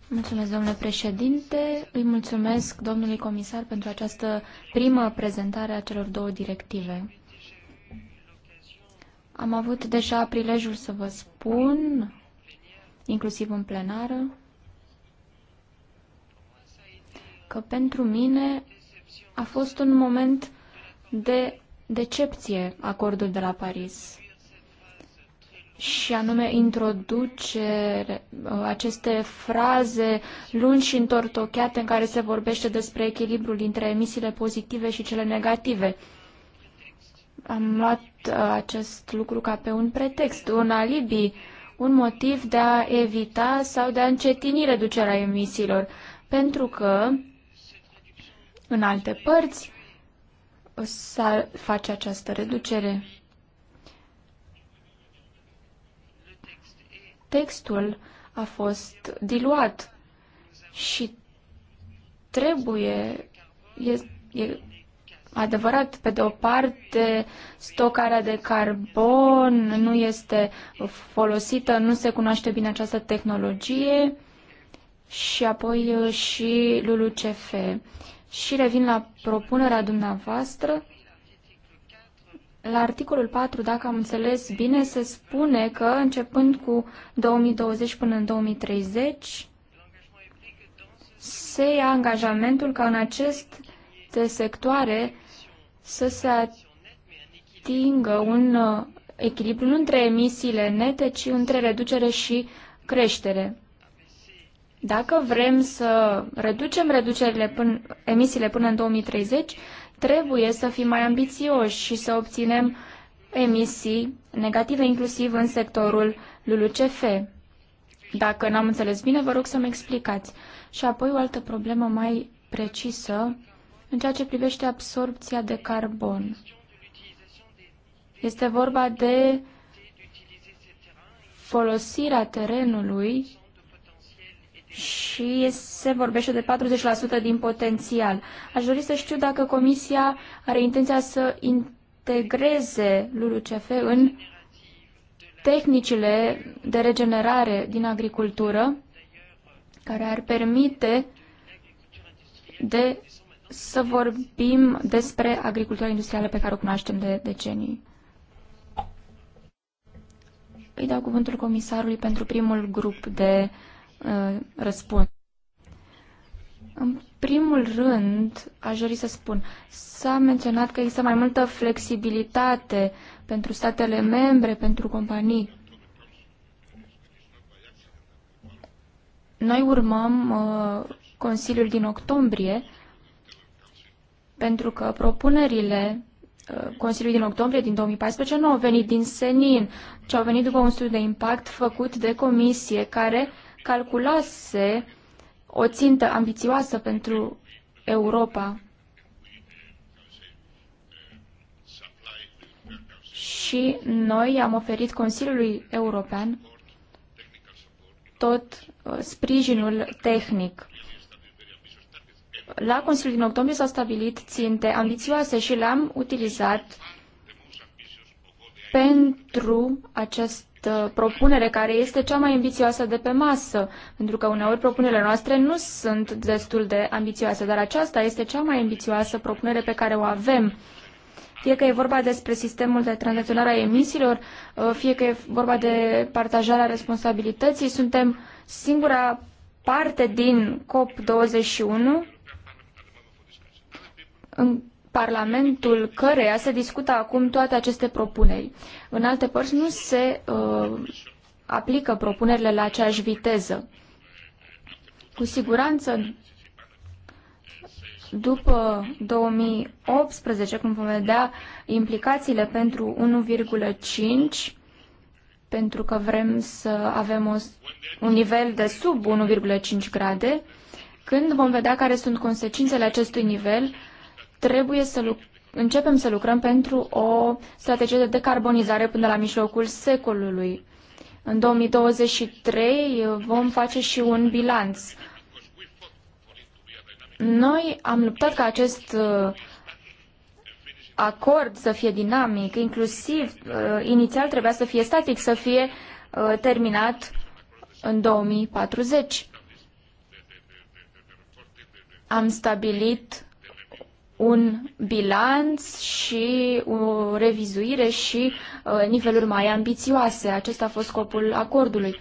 Mulțumesc, domnule președinte. Îi mulțumesc domnului comisar pentru această primă prezentare a celor două directive. Am avut deja prilejul să vă spun, inclusiv în plenară, că pentru mine a fost un moment de decepție acordul de la Paris și anume introduce aceste fraze lungi și întortocheate în care se vorbește despre echilibrul dintre emisiile pozitive și cele negative. Am luat uh, acest lucru ca pe un pretext, un alibi, un motiv de a evita sau de a încetini reducerea emisiilor, pentru că în alte părți să face această reducere. Textul a fost diluat și trebuie, e, e adevărat, pe de o parte, stocarea de carbon nu este folosită, nu se cunoaște bine această tehnologie și apoi și LULUCF și revin la propunerea dumneavoastră. La articolul 4, dacă am înțeles bine, se spune că începând cu 2020 până în 2030 se ia angajamentul ca în aceste sectoare să se atingă un uh, echilibru nu între emisiile nete, ci între reducere și creștere. Dacă vrem să reducem reducerile până, emisiile până în 2030, trebuie să fim mai ambițioși și să obținem emisii negative, inclusiv în sectorul LULUCF. Dacă n-am înțeles bine, vă rog să-mi explicați. Și apoi o altă problemă mai precisă în ceea ce privește absorpția de carbon. Este vorba de folosirea terenului și se vorbește de 40% din potențial. Aș dori să știu dacă Comisia are intenția să integreze LULUCF în tehnicile de regenerare din agricultură, care ar permite de să vorbim despre agricultura industrială pe care o cunoaștem de decenii. Îi dau cuvântul comisarului pentru primul grup de Uh, răspund. În primul rând, aș dori să spun, s-a menționat că există mai multă flexibilitate pentru statele membre, pentru companii. Noi urmăm uh, Consiliul din octombrie, pentru că propunerile uh, Consiliului din octombrie din 2014 nu au venit din senin, ci au venit după un studiu de impact făcut de comisie care uh, calculase o țintă ambițioasă pentru Europa și noi am oferit Consiliului European tot uh, sprijinul tehnic. La Consiliul din octombrie s-au stabilit ținte ambițioase și le-am utilizat pentru acest Uh, propunere care este cea mai ambițioasă de pe masă, pentru că uneori propunerile noastre nu sunt destul de ambițioase, dar aceasta este cea mai ambițioasă propunere pe care o avem. Fie că e vorba despre sistemul de tranzacționare a emisiilor, uh, fie că e vorba de partajarea responsabilității, suntem singura parte din COP21 în Parlamentul căreia se discută acum toate aceste propuneri. În alte părți nu se uh, aplică propunerile la aceeași viteză. Cu siguranță, după 2018, cum vom vedea, implicațiile pentru 1,5 pentru că vrem să avem o, un nivel de sub 1,5 grade. Când vom vedea care sunt consecințele acestui nivel, Trebuie să începem să lucrăm pentru o strategie de decarbonizare până la mijlocul secolului. În 2023 uh, vom face și un bilanț. Noi am luptat ca acest uh, acord să fie dinamic, inclusiv uh, inițial trebuia să fie static, să fie terminat în 2040. Am stabilit un bilanț și o revizuire și uh, niveluri mai ambițioase. Acesta a fost scopul acordului.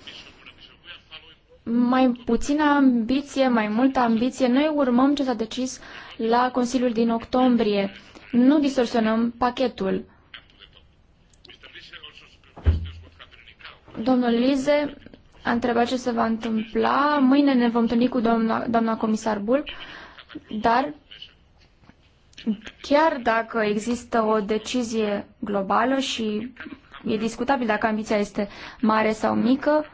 Mai puțină ambiție, mai multă ambiție. Noi urmăm ce s-a decis la Consiliul din octombrie. Nu distorsionăm pachetul. Domnul Lize a întrebat ce se va întâmpla. Mâine ne vom întâlni cu doamna, doamna comisar Bulb, dar chiar dacă există o decizie globală și e discutabil dacă ambiția este mare sau mică,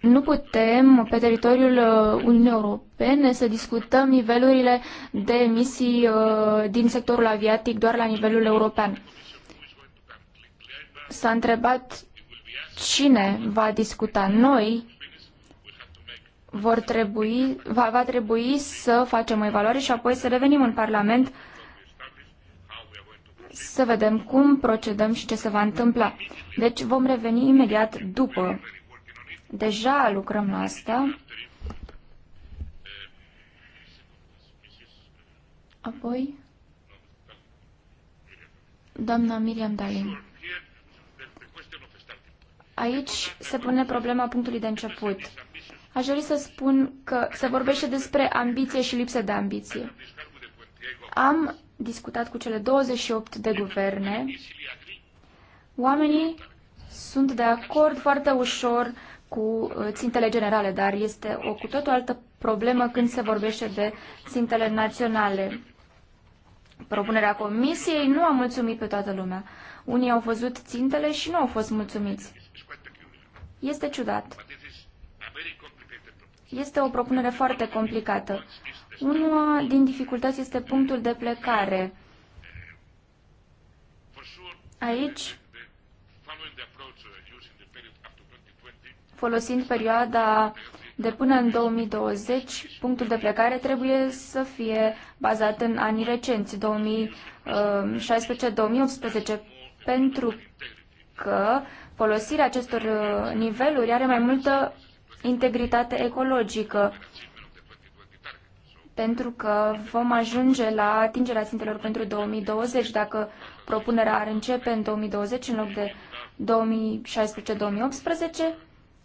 nu putem pe teritoriul uh, Uniunii Europene să discutăm nivelurile de emisii uh, din sectorul aviatic doar la nivelul european. S-a întrebat cine va discuta noi vor trebui, va, va trebui să facem o evaluare și apoi să revenim în Parlament să vedem cum procedăm și ce se va întâmpla. Deci vom reveni imediat după. Deja lucrăm la asta. Apoi, doamna Miriam Dalin. Aici se pune problema punctului de început. Aș dori să spun că se vorbește despre ambiție și lipsă de ambiție. Am discutat cu cele 28 de guverne. Oamenii sunt de acord foarte ușor cu uh, țintele generale, dar este o cu totul altă problemă când se vorbește de țintele naționale. Propunerea comisiei nu a mulțumit pe toată lumea. Unii au văzut țintele și nu au fost mulțumiți. Este ciudat. Este o propunere foarte complicată. Una din dificultăți este punctul de plecare. Aici, folosind perioada de până în 2020, punctul de plecare trebuie să fie bazat în anii recenți, 2016-2018, pentru că folosirea acestor niveluri are mai multă integritate ecologică, pentru că vom ajunge la atingerea țintelor pentru 2020. Dacă propunerea ar începe în 2020 în loc de 2016-2018,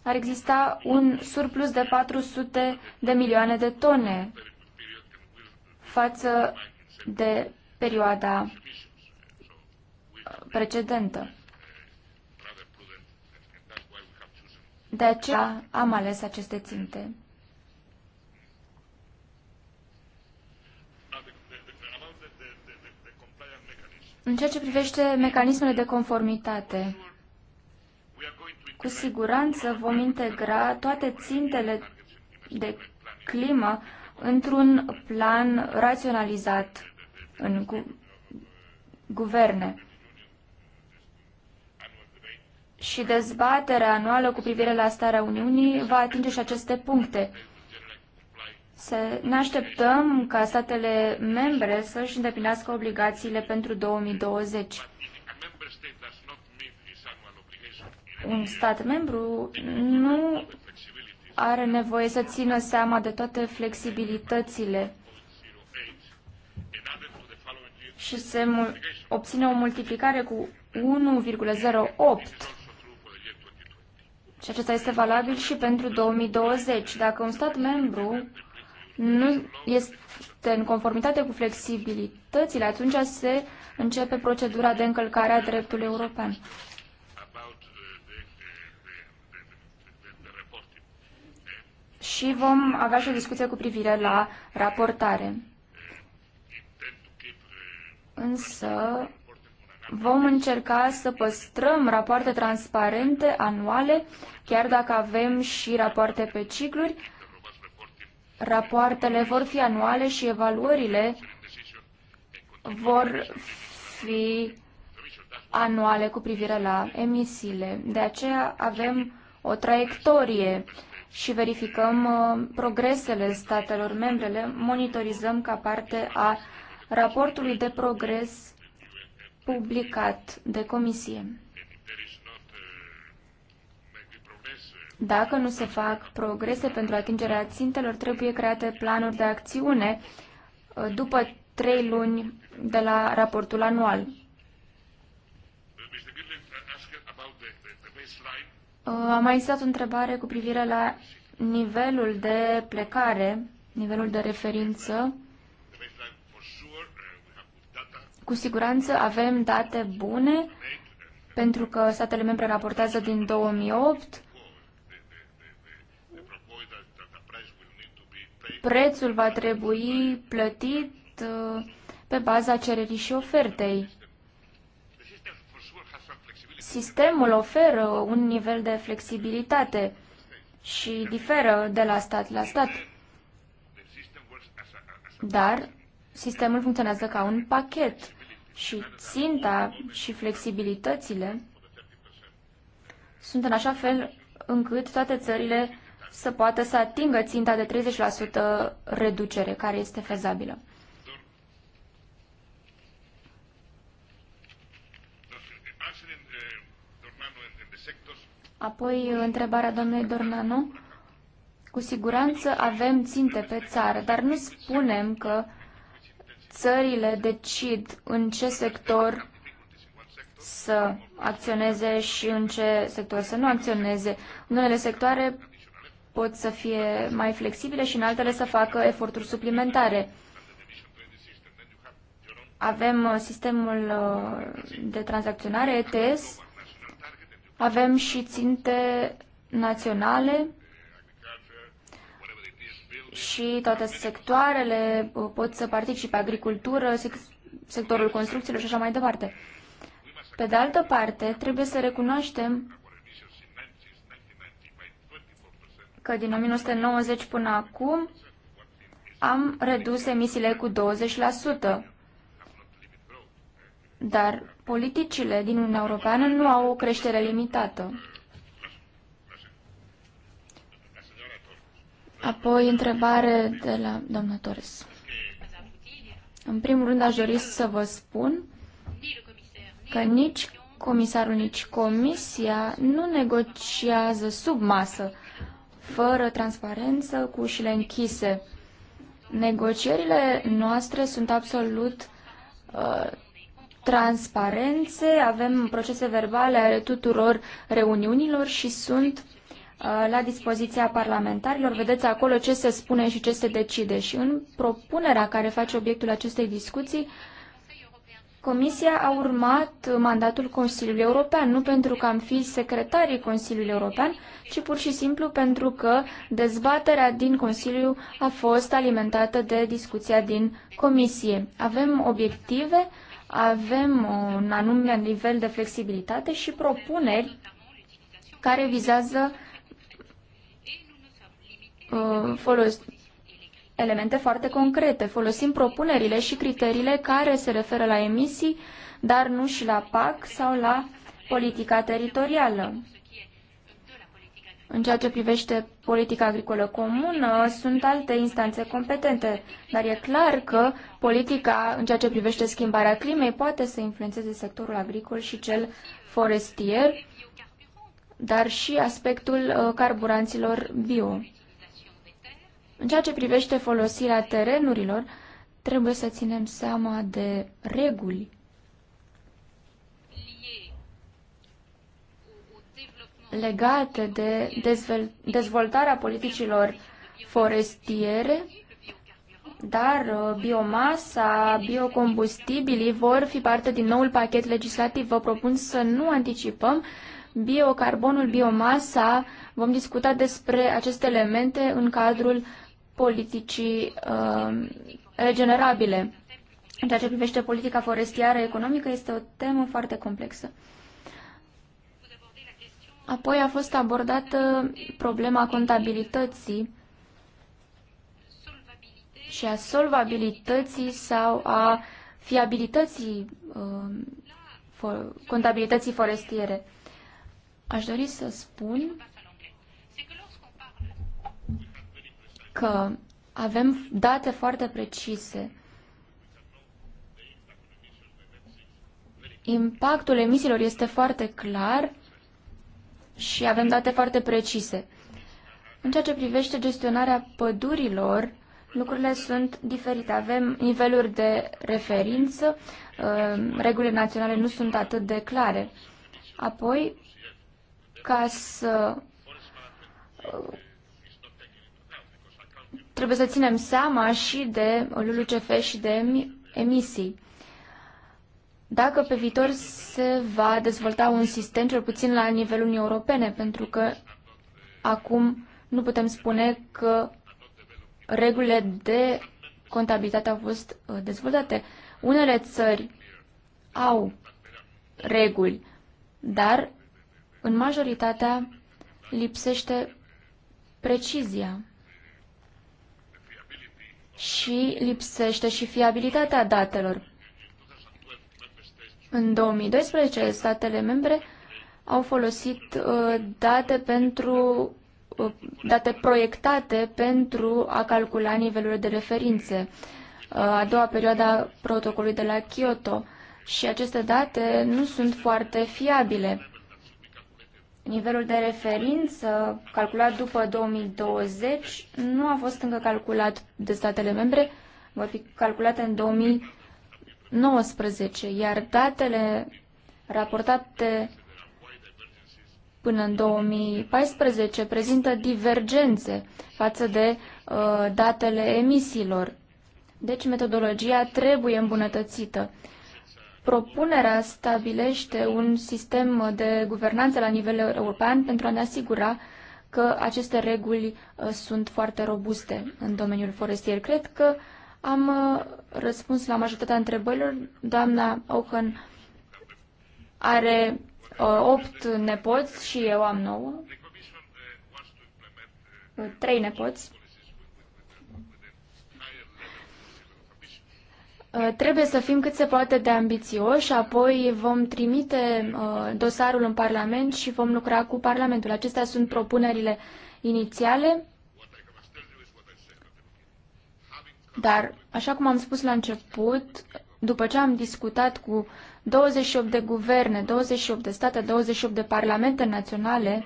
ar exista un surplus de 400 de milioane de tone față de perioada precedentă. De aceea am ales aceste ținte. În ceea ce privește mecanismele de conformitate, cu siguranță vom integra toate țintele de climă într-un plan raționalizat în gu guverne și dezbaterea anuală cu privire la starea Uniunii va atinge și aceste puncte. Să ne așteptăm ca statele membre să își îndeplinească obligațiile pentru 2020. Un stat membru nu are nevoie să țină seama de toate flexibilitățile și se obține o multiplicare cu 1,08 și acesta este valabil și pentru 2020. Dacă un stat membru nu este în conformitate cu flexibilitățile, atunci se începe procedura de încălcare a dreptului european. Și vom avea și o discuție cu privire la raportare. Însă, Vom încerca să păstrăm rapoarte transparente anuale, chiar dacă avem și rapoarte pe cicluri. Rapoartele vor fi anuale și evaluările vor fi anuale cu privire la emisiile. De aceea avem o traiectorie și verificăm uh, progresele statelor membrele, monitorizăm ca parte a raportului de progres publicat de comisie. Dacă nu se fac progrese pentru atingerea țintelor, trebuie create planuri de acțiune uh, după trei luni de la raportul anual. Uh, Am mai stat o întrebare cu privire la nivelul de plecare, nivelul de referință cu siguranță avem date bune, pentru că statele membre raportează din 2008. Prețul va trebui plătit uh, pe baza cererii și ofertei. Sistemul oferă un nivel de flexibilitate și diferă de la stat la stat. Dar sistemul funcționează ca un pachet și ținta și flexibilitățile sunt în așa fel încât toate țările să poată să atingă ținta de 30% reducere care este fezabilă. Apoi, întrebarea domnului Dornanu. Cu siguranță avem ținte pe țară, dar nu spunem că țările decid în ce sector să acționeze și în ce sector să nu acționeze. În unele sectoare pot să fie mai flexibile și în altele să facă eforturi suplimentare. Avem uh, sistemul uh, de tranzacționare ETS, avem și ținte naționale și toate sectoarele uh, pot să participe, agricultură, sectorul construcțiilor și așa mai departe. Pe de altă parte, trebuie să recunoaștem că din 1990 până acum am redus emisiile cu 20%, dar politicile din Uniunea Europeană nu au o creștere limitată. Apoi, întrebare de la doamna Torres. În primul rând, aș dori să vă spun că nici comisarul, nici comisia nu negociază sub masă, fără transparență, cu ușile închise. Negocierile noastre sunt absolut uh, transparențe, avem procese verbale ale tuturor reuniunilor și sunt Uh, la dispoziția parlamentarilor. Vedeți acolo ce se spune și ce se decide. Și în propunerea care face obiectul acestei discuții, Comisia a urmat mandatul Consiliului European, nu pentru că am fi secretarii Consiliului European, ci pur și simplu pentru că dezbaterea din Consiliu a fost alimentată de discuția din Comisie. Avem obiective, avem un anumit nivel de flexibilitate și propuneri care vizează Uh, folos elemente foarte concrete. Folosim propunerile și criteriile care se referă la emisii, dar nu și la PAC sau la politica teritorială. În ceea ce privește politica agricolă comună, sunt alte instanțe competente, dar e clar că politica în ceea ce privește schimbarea climei poate să influențeze sectorul agricol și cel forestier, dar și aspectul uh, carburanților bio. În ceea ce privește folosirea terenurilor, trebuie să ținem seama de reguli legate de dezvoltarea politicilor forestiere, dar uh, biomasa, biocombustibilii vor fi parte din noul pachet legislativ. Vă propun să nu anticipăm biocarbonul, biomasa. Vom discuta despre aceste elemente în cadrul politicii uh, regenerabile. În ceea ce privește politica forestieră economică, este o temă foarte complexă. Apoi a fost abordată problema contabilității și a solvabilității sau a fiabilității uh, for, contabilității forestiere. Aș dori să spun că avem date foarte precise. Impactul emisiilor este foarte clar și avem date foarte precise. În ceea ce privește gestionarea pădurilor, lucrurile sunt diferite. Avem niveluri de referință, uh, regulile naționale nu sunt atât de clare. Apoi, ca să uh, trebuie să ținem seama și de LULUCF și de emisii. Dacă pe viitor se va dezvolta un sistem, cel puțin la nivelul Uniunii Europene, pentru că acum nu putem spune că regulile de contabilitate au fost uh, dezvoltate. Unele țări au reguli, dar în majoritatea lipsește precizia și lipsește și fiabilitatea datelor. În 2012, statele membre au folosit uh, date pentru uh, date proiectate pentru a calcula nivelurile de referințe. Uh, a doua perioadă a protocolului de la Kyoto și aceste date nu sunt foarte fiabile. Nivelul de referință calculat după 2020 nu a fost încă calculat de statele membre, va fi calculat în 2019, iar datele raportate până în 2014 prezintă divergențe față de uh, datele emisiilor. Deci metodologia trebuie îmbunătățită. Propunerea stabilește un sistem de guvernanță la nivel european pentru a ne asigura că aceste reguli uh, sunt foarte robuste în domeniul forestier. Cred că am uh, răspuns la majoritatea întrebărilor. Doamna Ochen are uh, opt nepoți și eu am nouă. Trei nepoți. Uh, trebuie să fim cât se poate de ambițioși, apoi vom trimite uh, dosarul în Parlament și vom lucra cu Parlamentul. Acestea sunt propunerile inițiale. Dar, așa cum am spus la început, după ce am discutat cu 28 de guverne, 28 de state, 28 de parlamente naționale,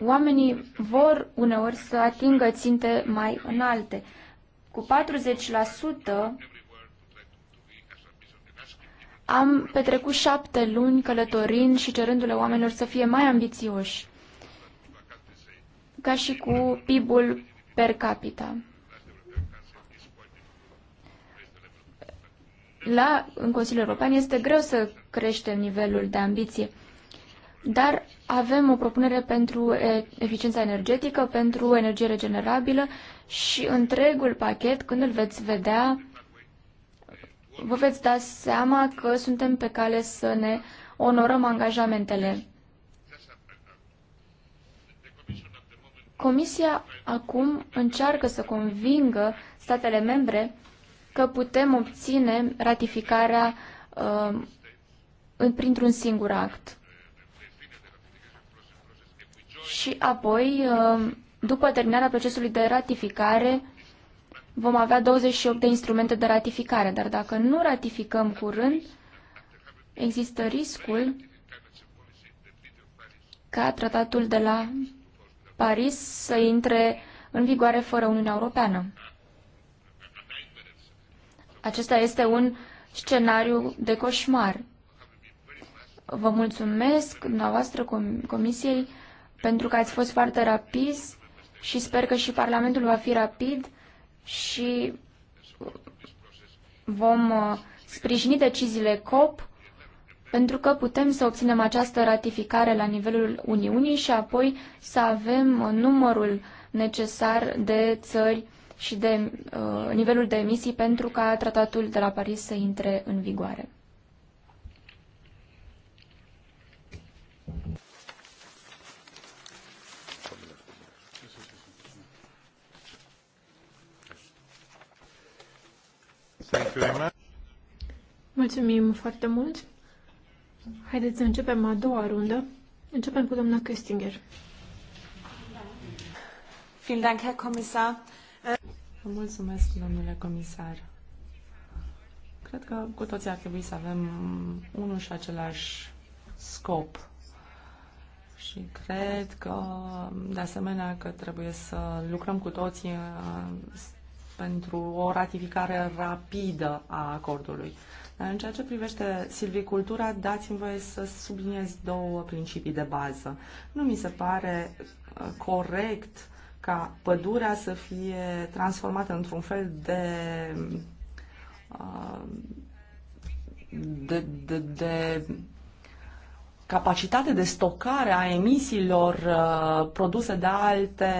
Oamenii vor uneori să atingă ținte mai înalte. Cu 40% am petrecut șapte luni călătorind și cerându-le oamenilor să fie mai ambițioși, ca și cu PIB-ul per capita. La, în Consiliul European este greu să creștem nivelul de ambiție dar avem o propunere pentru eficiența energetică, pentru energie regenerabilă și întregul pachet, când îl veți vedea, vă veți da seama că suntem pe cale să ne onorăm angajamentele. Comisia acum încearcă să convingă statele membre că putem obține ratificarea uh, printr-un singur act și apoi, uh, după terminarea procesului de ratificare, vom avea 28 de instrumente de ratificare, dar dacă nu ratificăm curând, există riscul ca tratatul de la Paris să intre în vigoare fără Uniunea Europeană. Acesta este un scenariu de coșmar. Vă mulțumesc, dumneavoastră, Comisiei, pentru că ați fost foarte rapizi și sper că și Parlamentul va fi rapid și vom uh, sprijini deciziile COP pentru că putem să obținem această ratificare la nivelul Uniunii și apoi să avem uh, numărul necesar de țări și de uh, nivelul de emisii pentru ca tratatul de la Paris să intre în vigoare. Thank you very much. Mulțumim foarte mult. Haideți să începem a doua rundă. Începem cu doamna Köstinger. Vielen Dank, Herr Kommissar. Vă mulțumesc, domnule comisar. Cred că cu toții ar trebui să avem unul și același scop și cred că, de asemenea, că trebuie să lucrăm cu toții pentru o ratificare rapidă a acordului. Dar în ceea ce privește silvicultura, dați-mi voie să subliniez două principii de bază. Nu mi se pare uh, corect ca pădurea să fie transformată într-un fel de uh, de, de, de capacitate de stocare a emisiilor uh, produse de alte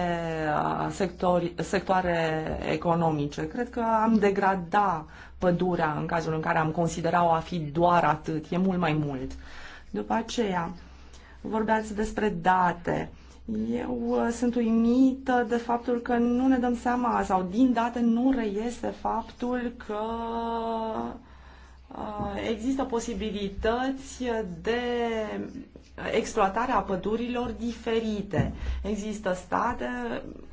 uh, sectori, sectoare economice. Cred că am degrada pădurea în cazul în care am considera-o a fi doar atât, e mult mai mult. După aceea, vorbeați despre date. Eu uh, sunt uimită de faptul că nu ne dăm seama sau din date nu reiese faptul că Uh, există posibilități de exploatare a pădurilor diferite. Există state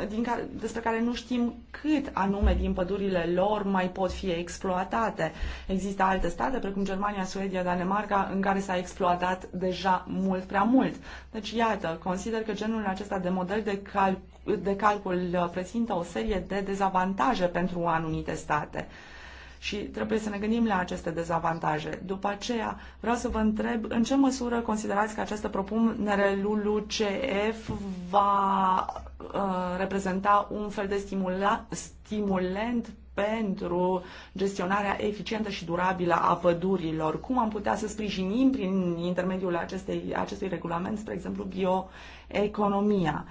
din care, despre care nu știm cât anume din pădurile lor mai pot fi exploatate. Există alte state, precum Germania, Suedia, Danemarca, în care s-a exploatat deja mult prea mult. Deci, iată, consider că genul acesta de model de calcul de calcul prezintă o serie de dezavantaje pentru anumite state și trebuie să ne gândim la aceste dezavantaje. După aceea, vreau să vă întreb în ce măsură considerați că această propunere LULUCF va uh, reprezenta un fel de stimula, stimulent pentru gestionarea eficientă și durabilă a pădurilor. Cum am putea să sprijinim prin intermediul acestei, acestui regulament, spre exemplu, bioeconomia?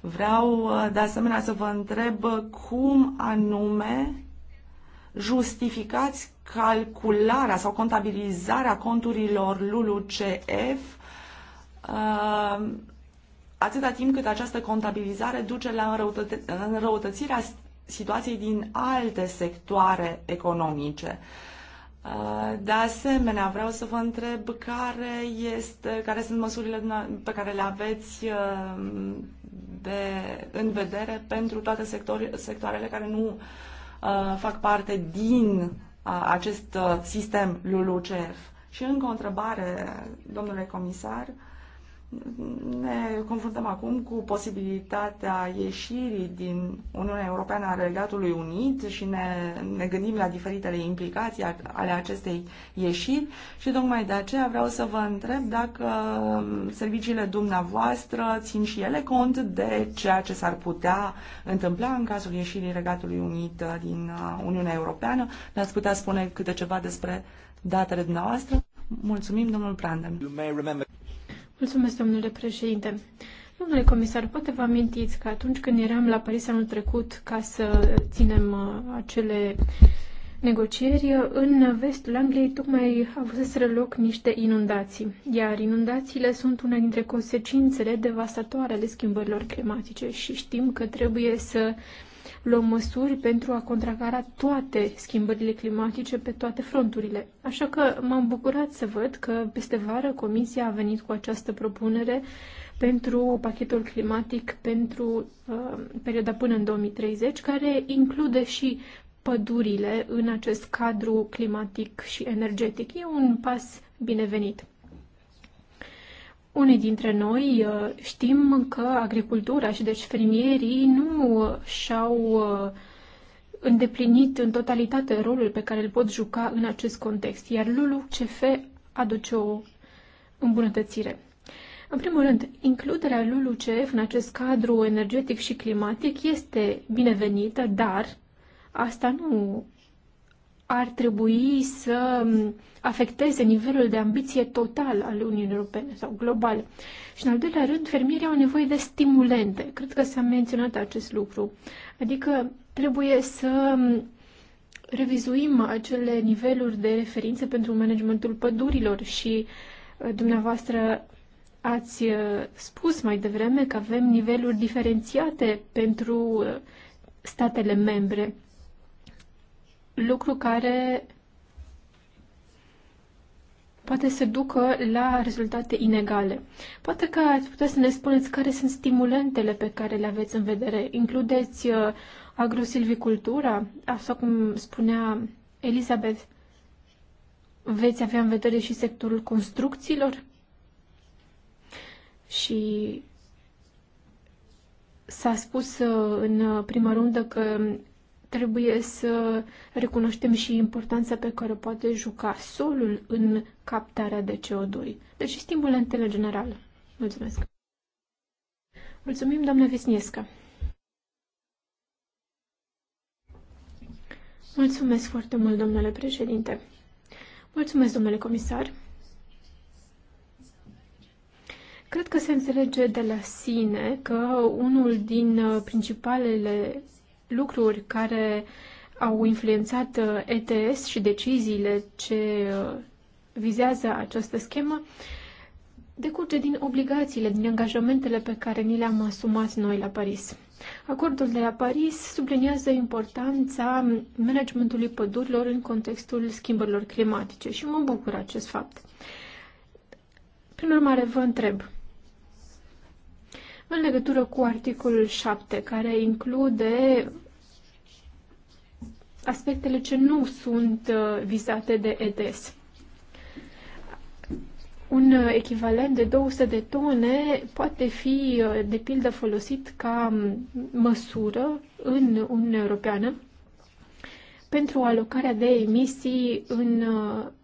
Vreau uh, de asemenea să vă întreb cum anume justificați calcularea sau contabilizarea conturilor LULUCF uh, atâta timp cât această contabilizare duce la înrăutățirea situației din alte sectoare economice. Uh, de asemenea, vreau să vă întreb care, este, care sunt măsurile pe care le aveți uh, de, în vedere pentru toate sectoarele care nu uh, Uh, fac parte din uh, acest uh, sistem LULUCF. Și încă o întrebare, domnule comisar, ne confruntăm acum cu posibilitatea ieșirii din Uniunea Europeană a Regatului Unit și ne, ne gândim la diferitele implicații ale acestei ieșiri și tocmai de aceea vreau să vă întreb dacă um, serviciile dumneavoastră țin și ele cont de ceea ce s-ar putea întâmpla în cazul ieșirii Regatului Unit uh, din uh, Uniunea Europeană. Ne-ați putea spune câte ceva despre datele dumneavoastră? Mulțumim, domnul Brandem. Mulțumesc, domnule președinte. Domnule comisar, poate vă amintiți că atunci când eram la Paris anul trecut ca să ținem uh, acele negocieri, uh, în vestul Angliei tocmai avuseseră loc niște inundații, iar inundațiile sunt una dintre consecințele devastatoare ale schimbărilor climatice și știm că trebuie să uh, luăm măsuri pentru a contracara toate schimbările climatice pe toate fronturile. Așa că m-am bucurat să văd că peste vară Comisia a venit cu această propunere pentru pachetul climatic pentru uh, perioada până în 2030, care include și pădurile în acest cadru climatic și energetic. E un pas binevenit. Unii dintre noi uh, știm că agricultura și deci fermierii nu și-au uh, îndeplinit în totalitate rolul pe care îl pot juca în acest context, iar lulu CF aduce o îmbunătățire. În primul rând, includerea lulu CF în acest cadru energetic și climatic este binevenită, dar asta nu ar trebui să afecteze nivelul de ambiție total al Uniunii Europene sau global. Și în al doilea rând, fermierii au nevoie de stimulente. Cred că s-a menționat acest lucru. Adică trebuie să revizuim acele niveluri de referință pentru managementul pădurilor și uh, dumneavoastră ați uh, spus mai devreme că avem niveluri diferențiate pentru uh, statele membre lucru care poate să ducă la rezultate inegale. Poate că ați putea să ne spuneți care sunt stimulentele pe care le aveți în vedere. Includeți uh, agrosilvicultura, așa cum spunea Elizabeth, veți avea în vedere și sectorul construcțiilor și s-a spus uh, în prima rundă că trebuie să recunoaștem și importanța pe care o poate juca solul în captarea de CO2. Deci stimulantele generale. Mulțumesc! Mulțumim, doamna Visniescă! Mulțumesc foarte mult, domnule președinte! Mulțumesc, domnule comisar! Cred că se înțelege de la sine că unul din uh, principalele lucruri care au influențat uh, ETS și deciziile ce uh, vizează această schemă decurge din obligațiile, din angajamentele pe care ni le-am asumat noi la Paris. Acordul de la Paris subliniază importanța managementului pădurilor în contextul schimbărilor climatice și mă bucur acest fapt. Prin urmare, vă întreb, în legătură cu articolul 7, care include aspectele ce nu sunt uh, vizate de EDES. Un uh, echivalent de 200 de tone poate fi, uh, de pildă, folosit ca măsură în Uniunea Europeană pentru alocarea de emisii în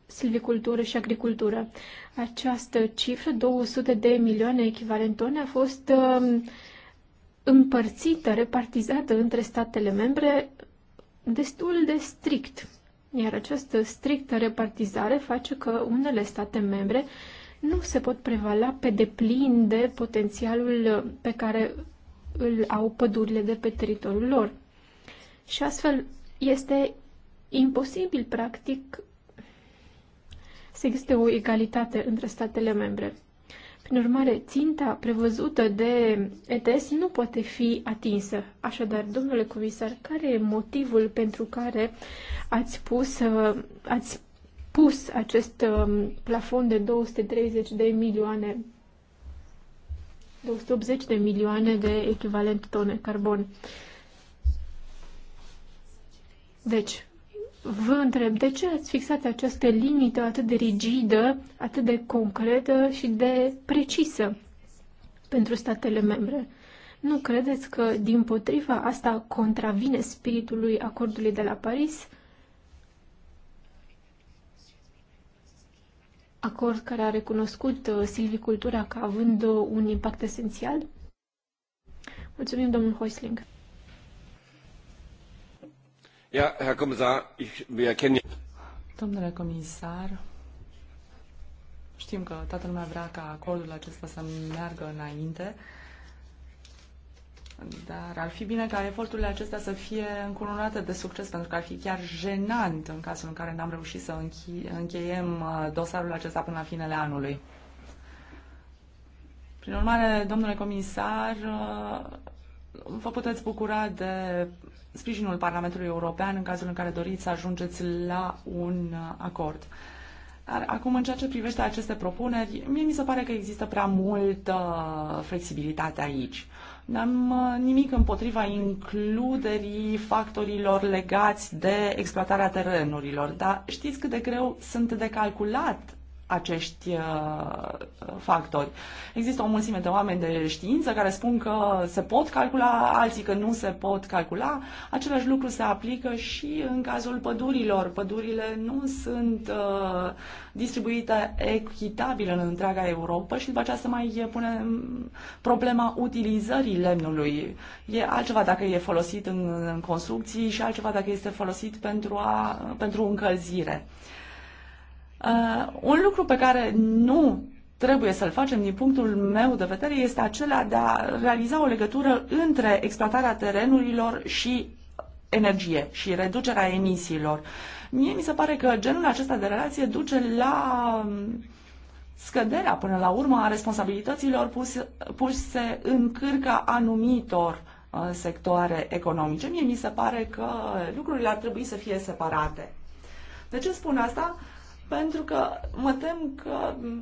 silvicultură și agricultură. Această cifră, 200 de milioane echivalent tone, a fost um, împărțită, repartizată între statele membre destul de strict. Iar această strictă repartizare face că unele state membre nu se pot prevala pe deplin de potențialul pe care îl au pădurile de pe teritoriul lor. Și astfel este imposibil, practic, să existe o egalitate între statele membre. Prin urmare, ținta prevăzută de ETS nu poate fi atinsă. Așadar, domnule comisar, care e motivul pentru care ați pus, uh, ați pus acest um, plafon de 230 de milioane 280 de milioane de echivalent tone carbon. Deci, vă întreb de ce ați fixat această limită atât de rigidă, atât de concretă și de precisă pentru statele membre? Nu credeți că, din potriva, asta contravine spiritului acordului de la Paris? Acord care a recunoscut uh, silvicultura ca având un impact esențial? Mulțumim, domnul Hoisling. Herr Kommissar, ich, wir kennen... Domnule comisar, știm că toată lumea vrea ca acordul acesta să meargă înainte, dar ar fi bine ca eforturile acestea să fie încununate de succes, pentru că ar fi chiar jenant în cazul în care n-am reușit să încheiem uh, dosarul acesta până la finele anului. Prin urmare, domnule comisar, uh, vă puteți bucura de sprijinul Parlamentului European în cazul în care doriți să ajungeți la un acord. Dar acum, în ceea ce privește aceste propuneri, mie mi se pare că există prea multă flexibilitate aici. N-am uh, nimic împotriva includerii factorilor legați de exploatarea terenurilor, dar știți cât de greu sunt de calculat acești uh, factori. Există o mulțime de oameni de știință care spun că se pot calcula, alții că nu se pot calcula. Același lucru se aplică și în cazul pădurilor. Pădurile nu sunt uh, distribuite echitabil în întreaga Europa și după aceea se mai pune problema utilizării lemnului. E altceva dacă e folosit în, în construcții și altceva dacă este folosit pentru, a, pentru încălzire. Uh, Uh, un lucru pe care nu trebuie să-l facem din punctul meu de vedere este acela de a realiza o legătură între exploatarea terenurilor și energie și reducerea emisiilor. Mie mi se pare că genul acesta de relație duce la um, scăderea până la urmă a responsabilităților puse, în cârca anumitor uh, sectoare economice. Mie mi se pare că lucrurile ar trebui să fie separate. De ce spun asta? Uh, pentru că mă tem că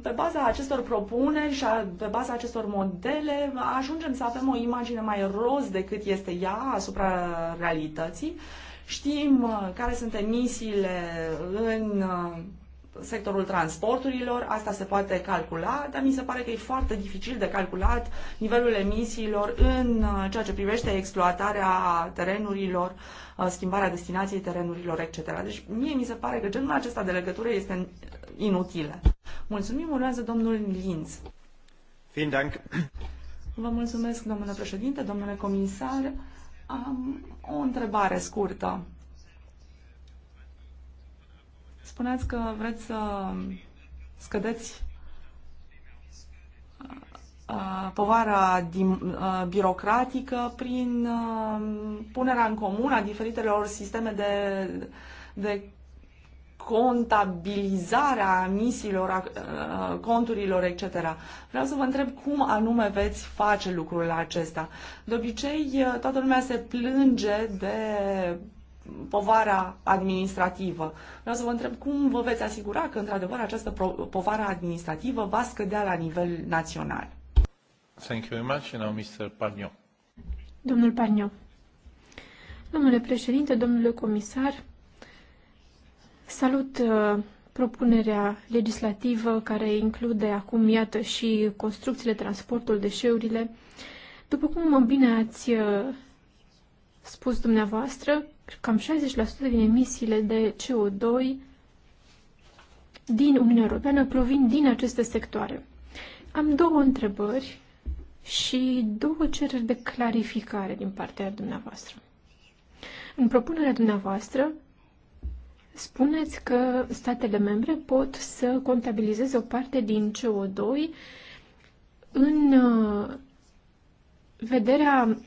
pe baza acestor propuneri și a, pe baza acestor modele ajungem să avem o imagine mai roz decât este ea asupra realității. Știm uh, care sunt emisiile în uh, sectorul transporturilor, asta se poate calcula, dar mi se pare că e foarte dificil de calculat nivelul emisiilor în uh, ceea ce privește exploatarea terenurilor, uh, schimbarea destinației terenurilor, etc. Deci mie mi se pare că genul acesta de legătură este inutilă. Mulțumim, urmează domnul Linz. Vă mulțumesc, domnule președinte, domnule comisar. Am o întrebare scurtă. Spuneați că vreți să scădeți uh, uh, povara uh, birocratică prin punerea în comun a diferitelor sisteme de, de contabilizarea misiilor, a, conturilor, etc. Vreau să vă întreb cum anume veți face lucrurile acesta. De obicei, toată lumea se plânge de povara administrativă. Vreau să vă întreb cum vă veți asigura că, într-adevăr, această povară administrativă va scădea la nivel național. Thank you very much. now Mr. Pagnon. Domnul Pagnon. Domnule președinte, domnule comisar, salut uh, propunerea legislativă care include acum, iată, și construcțiile, transportul, deșeurile. După cum bine ați uh, spus dumneavoastră, cam 60% din emisiile de CO2 din Uniunea Europeană provin din aceste sectoare. Am două întrebări și două cereri de clarificare din partea dumneavoastră. În propunerea dumneavoastră, spuneți că statele membre pot să contabilizeze o parte din CO2 în uh, vederea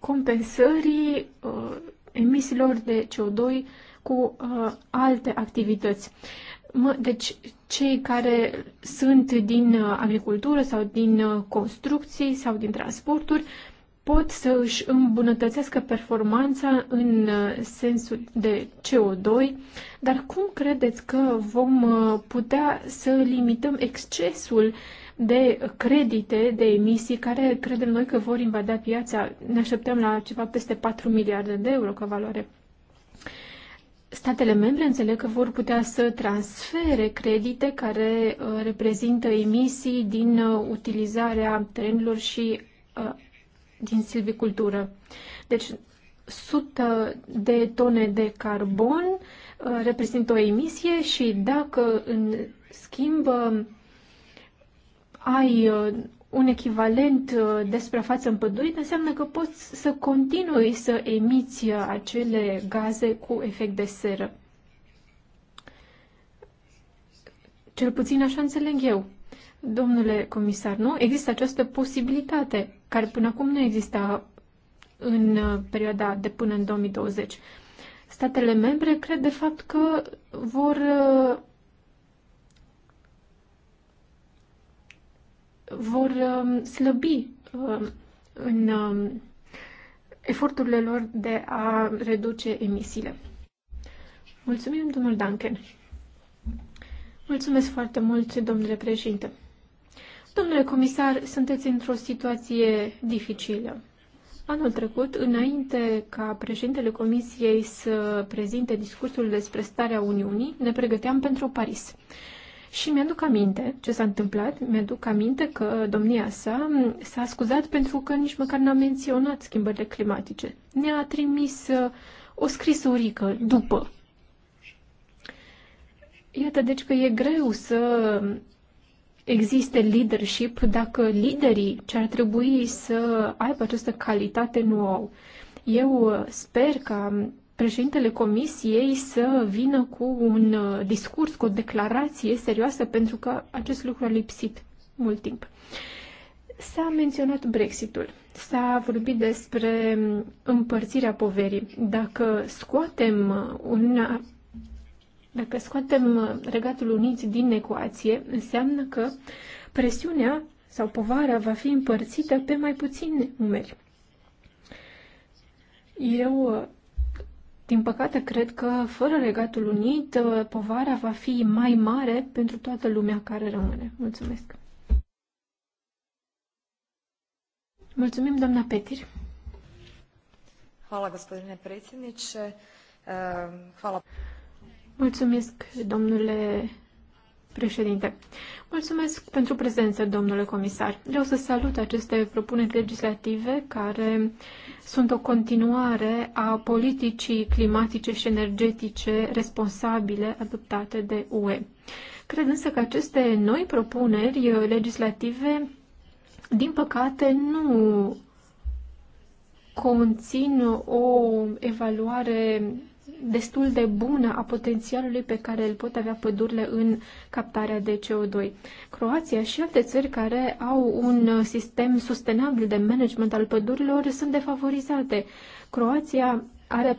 compensării uh, emisiilor de CO2 cu uh, alte activități. Mă, deci, cei care sunt din uh, agricultură sau din uh, construcții sau din transporturi pot să își îmbunătățească performanța în uh, sensul de CO2, dar cum credeți că vom uh, putea să limităm excesul de credite, de emisii, care credem noi că vor invada piața. Ne așteptăm la ceva peste 4 miliarde de euro ca valoare. Statele membre înțeleg că vor putea să transfere credite care uh, reprezintă emisii din uh, utilizarea terenurilor și uh, din silvicultură. Deci sute de tone de carbon reprezintă o emisie și dacă în schimb um, ai uh, un echivalent uh, de suprafață împădurită, înseamnă că poți să continui să emiți uh, acele gaze cu efect de seră. Cel puțin așa înțeleg eu. Domnule comisar, nu? Există această posibilitate, care până acum nu exista în perioada de până în 2020. Statele membre cred de fapt că vor vor um, slăbi um, în um, eforturile lor de a reduce emisiile. Mulțumim, domnul Duncan. Mulțumesc foarte mult, domnule președinte. Domnule comisar, sunteți într-o situație dificilă. Anul trecut, înainte ca președintele Comisiei să prezinte discursul despre starea Uniunii, ne pregăteam pentru Paris. Și mi-aduc aminte ce s-a întâmplat, mi-aduc aminte că domnia sa s-a scuzat pentru că nici măcar n-a menționat schimbările climatice. Ne-a trimis uh, o scrisorică după. Iată, deci că e greu să existe leadership dacă liderii ce ar trebui să aibă această calitate nu au. Eu uh, sper ca președintele comisiei să vină cu un uh, discurs, cu o declarație serioasă, pentru că acest lucru a lipsit mult timp. S-a menționat Brexitul, s-a vorbit despre um, împărțirea poverii. Dacă scoatem uh, un, uh, dacă scoatem Regatul Unit din ecuație, înseamnă că presiunea sau povara va fi împărțită pe mai puțini numeri. Eu din păcate, cred că fără Regatul Unit, uh, povara va fi mai mare pentru toată lumea care rămâne. Mulțumesc! Mulțumim, doamna Petir! Hvala, gospodine predsjedniče. Ehm, hvala. Mulțumesc, domnule Președinte, mulțumesc pentru prezență, domnule comisar. Vreau să salut aceste propuneri legislative care sunt o continuare a politicii climatice și energetice responsabile adoptate de UE. Cred însă că aceste noi propuneri legislative, din păcate, nu conțin o evaluare destul de bună a potențialului pe care îl pot avea pădurile în captarea de CO2. Croația și alte țări care au un sistem sustenabil de management al pădurilor sunt defavorizate. Croația are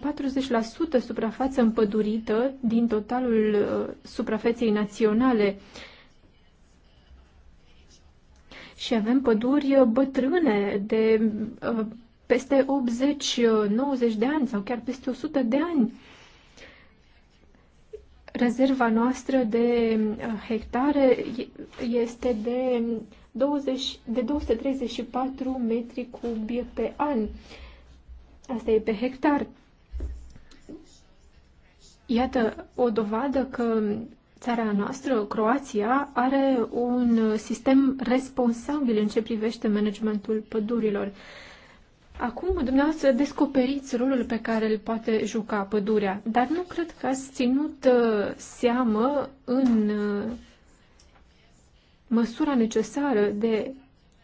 40% suprafață împădurită din totalul uh, suprafeței naționale și avem păduri uh, bătrâne de uh, peste 80-90 de ani sau chiar peste 100 de ani rezerva noastră de uh, hectare este de, 20, de 234 metri cubi pe an. Asta e pe hectar. Iată o dovadă că țara noastră, Croația, are un sistem responsabil în ce privește managementul pădurilor. Uh, Acum, dumneavoastră, descoperiți rolul pe care îl poate juca pădurea, dar nu cred că ați ținut uh, seamă în uh, măsura necesară de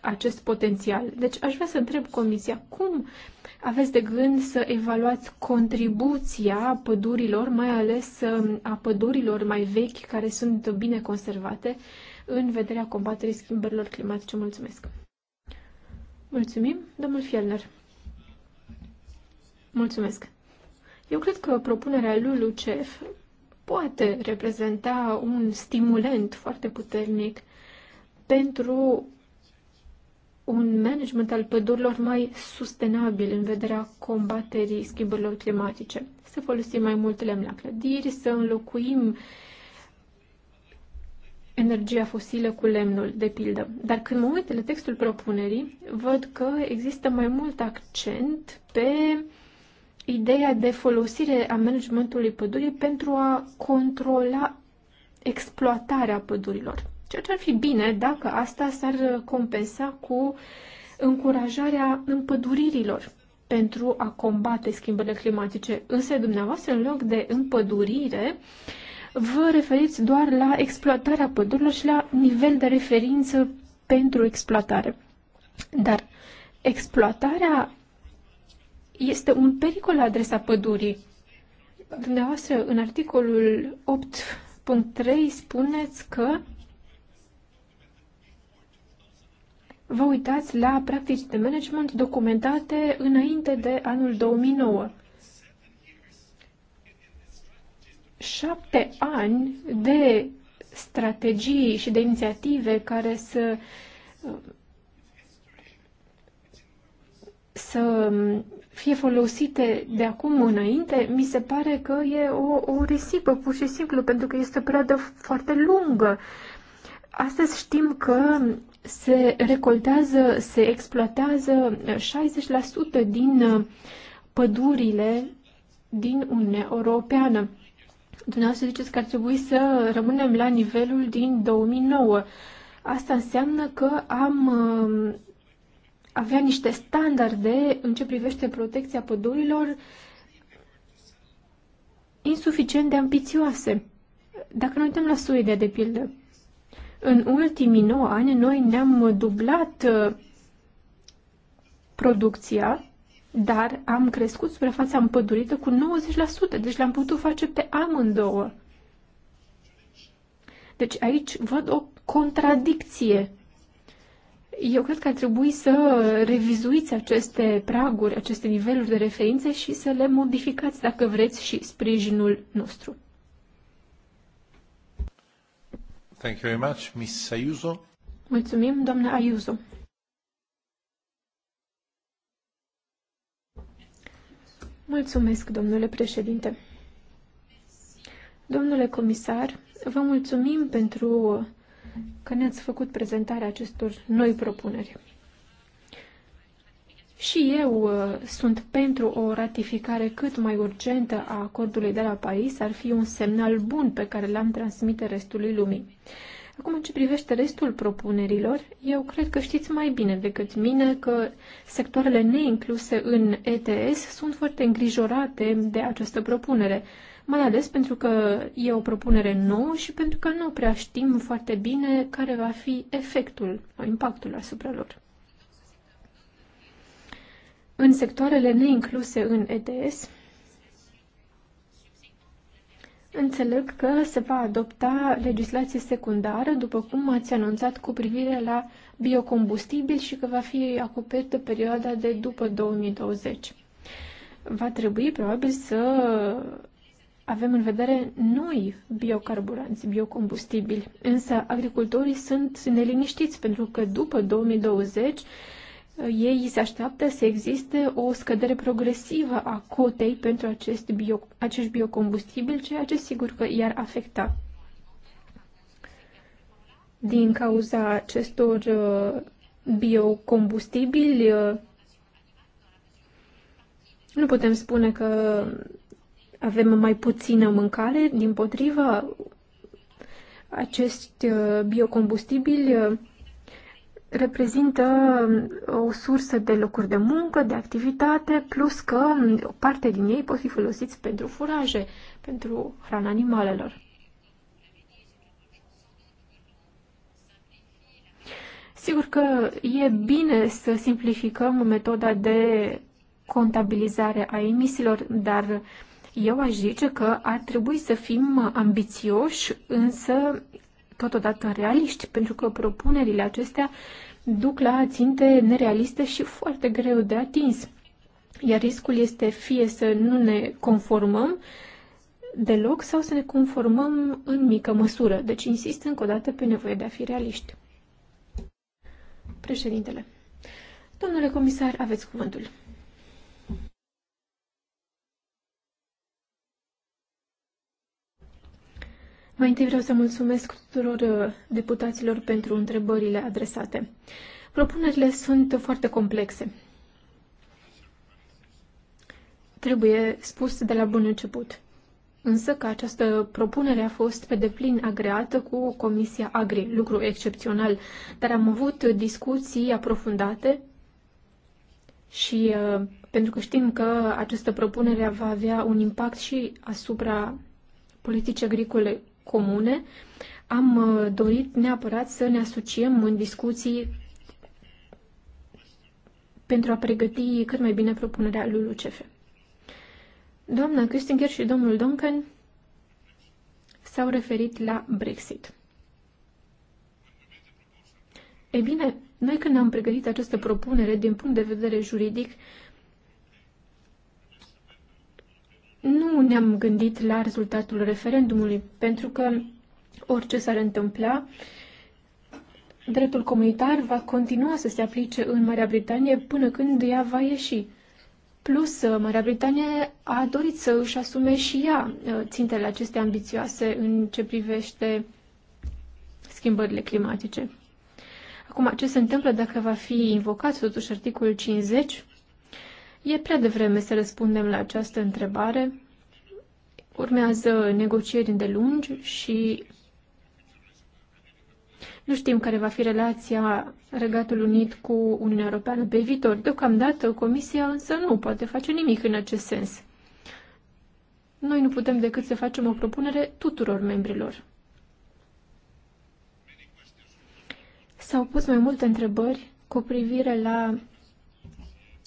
acest potențial. Deci aș vrea să întreb Comisia, cum aveți de gând să evaluați contribuția pădurilor, mai ales um, a pădurilor mai vechi care sunt bine conservate, în vederea combaterii schimbărilor climatice? Mulțumesc! Mulțumim, domnul Fielner! Mulțumesc. Eu cred că propunerea lui Lucef poate reprezenta un stimulent foarte puternic pentru un management al pădurilor mai sustenabil în vederea combaterii schimbărilor climatice. Să folosim mai mult lemn la clădiri, să înlocuim energia fosilă cu lemnul, de pildă. Dar când mă uit la textul propunerii, văd că există mai mult accent pe ideea de folosire a managementului pădurii pentru a controla exploatarea pădurilor. Ceea ce ar fi bine dacă asta s-ar compensa cu încurajarea împăduririlor pentru a combate schimbările climatice. Însă, dumneavoastră, în loc de împădurire, vă referiți doar la exploatarea pădurilor și la nivel de referință pentru exploatare. Dar exploatarea este un pericol la adresa pădurii. Dumneavoastră, în articolul 8.3 spuneți că vă uitați la practici de management documentate înainte de anul 2009. Șapte ani de strategii și de inițiative care să să fie folosite de acum înainte, mi se pare că e o, o risipă, pur și simplu, pentru că este o perioadă foarte lungă. Astăzi știm că se recoltează, se exploatează 60% din uh, pădurile din Uniunea Europeană. Dumneavoastră ziceți că ar trebui să rămânem la nivelul din 2009. Asta înseamnă că am uh, avea niște standarde în ce privește protecția pădurilor insuficient de ambițioase. Dacă ne uităm la Suedia, de pildă, în ultimii 9 ani noi ne-am dublat uh, producția, dar am crescut suprafața împădurită cu 90%, deci l-am putut face pe amândouă. Deci aici văd o contradicție eu cred că ar trebui să revizuiți aceste praguri, aceste niveluri de referințe și să le modificați dacă vreți și sprijinul nostru. Thank you very much, Miss Ayuso. Mulțumim, doamna Ayuso. Mulțumesc, domnule președinte. Domnule comisar, vă mulțumim pentru că ne-ați făcut prezentarea acestor noi propuneri. Și eu uh, sunt pentru o ratificare cât mai urgentă a acordului de la Paris, ar fi un semnal bun pe care l-am transmite restului lumii. Acum, în ce privește restul propunerilor, eu cred că știți mai bine decât mine că sectoarele neincluse în ETS sunt foarte îngrijorate de această propunere mai ales pentru că e o propunere nouă și pentru că nu prea știm foarte bine care va fi efectul sau impactul asupra lor. În sectoarele neincluse în ETS, Înțeleg că se va adopta legislație secundară, după cum ați anunțat cu privire la biocombustibil și că va fi acoperită perioada de după 2020. Va trebui probabil să avem în vedere noi biocarburanți, biocombustibili, însă agricultorii sunt neliniștiți pentru că după 2020 eh, ei se așteaptă să existe o scădere progresivă a cotei pentru acest bio, acești biocombustibili, ceea ce sigur că i-ar afecta. Din cauza acestor eh, biocombustibili, eh, nu putem spune că avem mai puțină mâncare, din potrivă, acești uh, biocombustibili uh, reprezintă uh, o sursă de locuri de muncă, de activitate, plus că um, o parte din ei pot fi folosiți pentru furaje, pentru hrana animalelor. Sigur că e bine să simplificăm metoda de contabilizare a emisiilor, dar eu aș zice că ar trebui să fim ambițioși, însă totodată realiști, pentru că propunerile acestea duc la ținte nerealiste și foarte greu de atins. Iar riscul este fie să nu ne conformăm deloc sau să ne conformăm în mică măsură. Deci insist încă o dată pe nevoie de a fi realiști. Președintele. Domnule comisar, aveți cuvântul. Mai întâi vreau să mulțumesc tuturor uh, deputaților pentru întrebările adresate. Propunerile sunt foarte complexe. Trebuie spus de la bun început. Însă că această propunere a fost pe deplin agreată cu Comisia Agri, lucru excepțional, dar am avut discuții aprofundate și uh, pentru că știm că această propunere va avea un impact și asupra politicii agricole comune, am uh, dorit neapărat să ne asociem în discuții pentru a pregăti cât mai bine propunerea lui Lucefe. Doamna Christinger și domnul Duncan s-au referit la Brexit. Ei bine, noi când am pregătit această propunere din punct de vedere juridic, nu ne-am gândit la rezultatul referendumului, pentru că orice s-ar întâmpla, dreptul comunitar va continua să se aplice în Marea Britanie până când ea va ieși. Plus, uh, Marea Britanie a dorit să își asume și ea uh, țintele acestea ambițioase în ce privește schimbările climatice. Acum, ce se întâmplă dacă va fi invocat totuși articolul 50? E prea devreme să răspundem la această întrebare. Urmează negocieri îndelungi și nu știm care va fi relația Regatul Unit cu Uniunea Europeană pe viitor. Deocamdată, Comisia însă nu poate face nimic în acest sens. Noi nu putem decât să facem o propunere tuturor membrilor. S-au pus mai multe întrebări cu privire la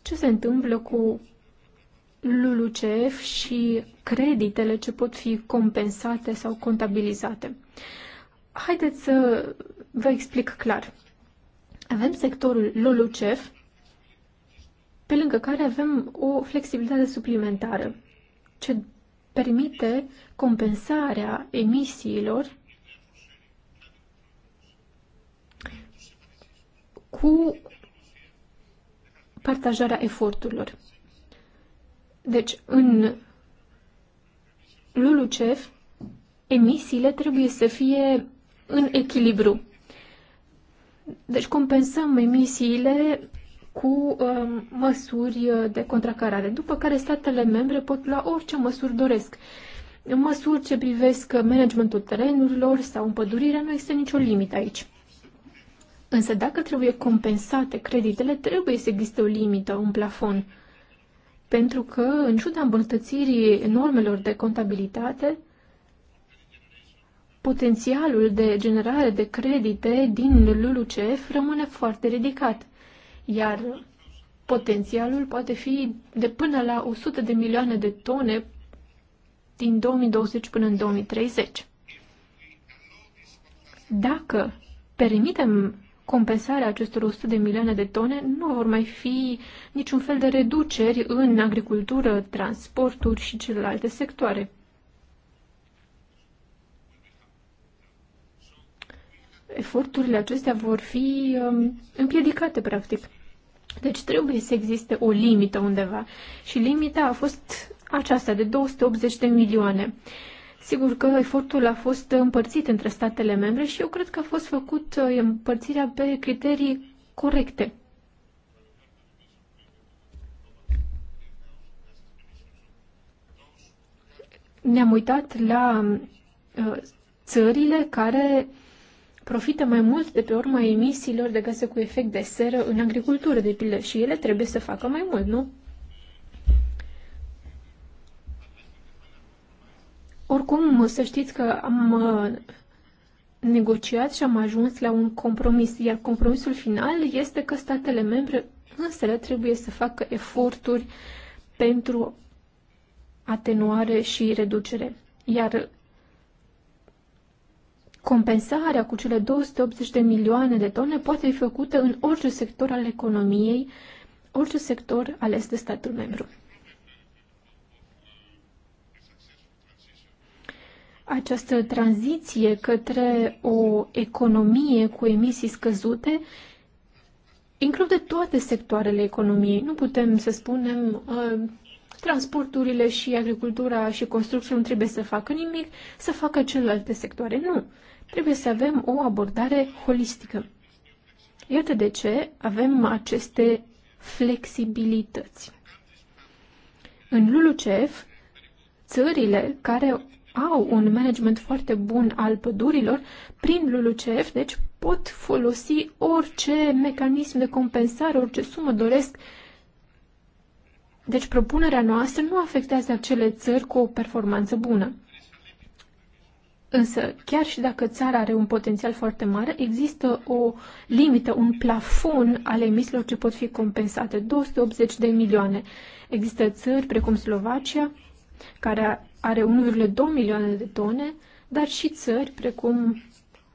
ce se întâmplă cu LULUCF și creditele ce pot fi compensate sau contabilizate. Haideți să vă explic clar. Avem sectorul LULUCF, pe lângă care avem o flexibilitate suplimentară, ce permite compensarea emisiilor cu partajarea eforturilor. Deci, în LULUCEF, emisiile trebuie să fie în echilibru. Deci compensăm emisiile cu uh, măsuri de contracarare, după care statele membre pot lua orice măsuri doresc. În măsuri ce privesc managementul terenurilor sau împădurirea, nu există nicio limită aici. Însă dacă trebuie compensate creditele, trebuie să existe o limită, un plafon. Pentru că, în ciuda îmbunătățirii normelor de contabilitate, potențialul de generare de credite din LULUCF rămâne foarte ridicat, iar potențialul poate fi de până la 100 de milioane de tone din 2020 până în 2030. Dacă permitem compensarea acestor 100 de milioane de tone, nu vor mai fi niciun fel de reduceri în agricultură, transporturi și celelalte sectoare. Eforturile acestea vor fi um, împiedicate, practic. Deci trebuie să existe o limită undeva. Și limita a fost aceasta de 280 de milioane. Sigur că efortul a fost împărțit între statele membre și eu cred că a fost făcut uh, împărțirea pe criterii corecte. Ne-am uitat la uh, țările care profită mai mult de pe urma emisiilor de gaze cu efect de seră în agricultură, de pildă, și ele trebuie să facă mai mult, nu? Oricum, să știți că am uh, negociat și am ajuns la un compromis, iar compromisul final este că statele membre însele trebuie să facă eforturi pentru atenuare și reducere. Iar compensarea cu cele 280 de milioane de tone poate fi făcută în orice sector al economiei, orice sector ales de statul membru. această tranziție către o economie cu emisii scăzute include toate sectoarele economiei. Nu putem să spunem uh, transporturile și agricultura și construcția nu trebuie să facă nimic, să facă celelalte sectoare. Nu. Trebuie să avem o abordare holistică. Iată de ce avem aceste flexibilități. În LULUCEF, țările care au un management foarte bun al pădurilor, prin LULUCF, deci pot folosi orice mecanism de compensare, orice sumă doresc. Deci propunerea noastră nu afectează acele țări cu o performanță bună. Însă, chiar și dacă țara are un potențial foarte mare, există o limită, un plafon al emisiilor ce pot fi compensate, 280 de milioane. Există țări precum Slovacia, care are 1,2 milioane de tone, dar și țări precum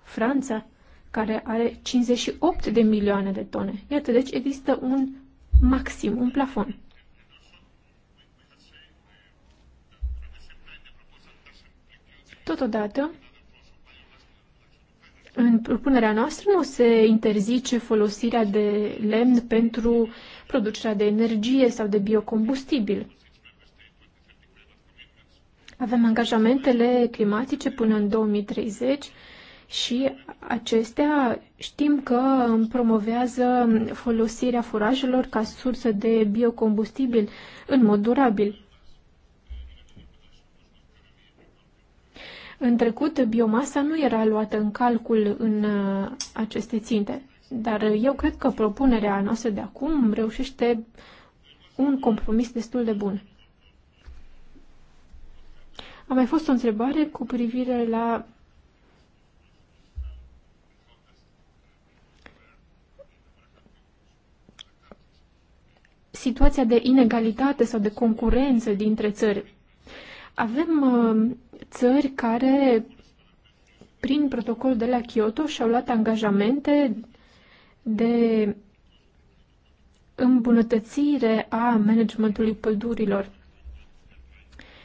Franța, care are 58 de milioane de tone. Iată, deci există un maxim, un plafon. Totodată, în propunerea noastră nu se interzice folosirea de lemn pentru producerea de energie sau de biocombustibil. Avem angajamentele climatice până în 2030 și acestea știm că promovează folosirea furajelor ca sursă de biocombustibil în mod durabil. În trecut, biomasa nu era luată în calcul în uh, aceste ținte, dar eu cred că propunerea noastră de acum reușește un compromis destul de bun. A mai fost o întrebare cu privire la situația de inegalitate sau de concurență dintre țări. Avem uh, țări care, prin protocol de la Kyoto, și-au luat angajamente de îmbunătățire a managementului pădurilor.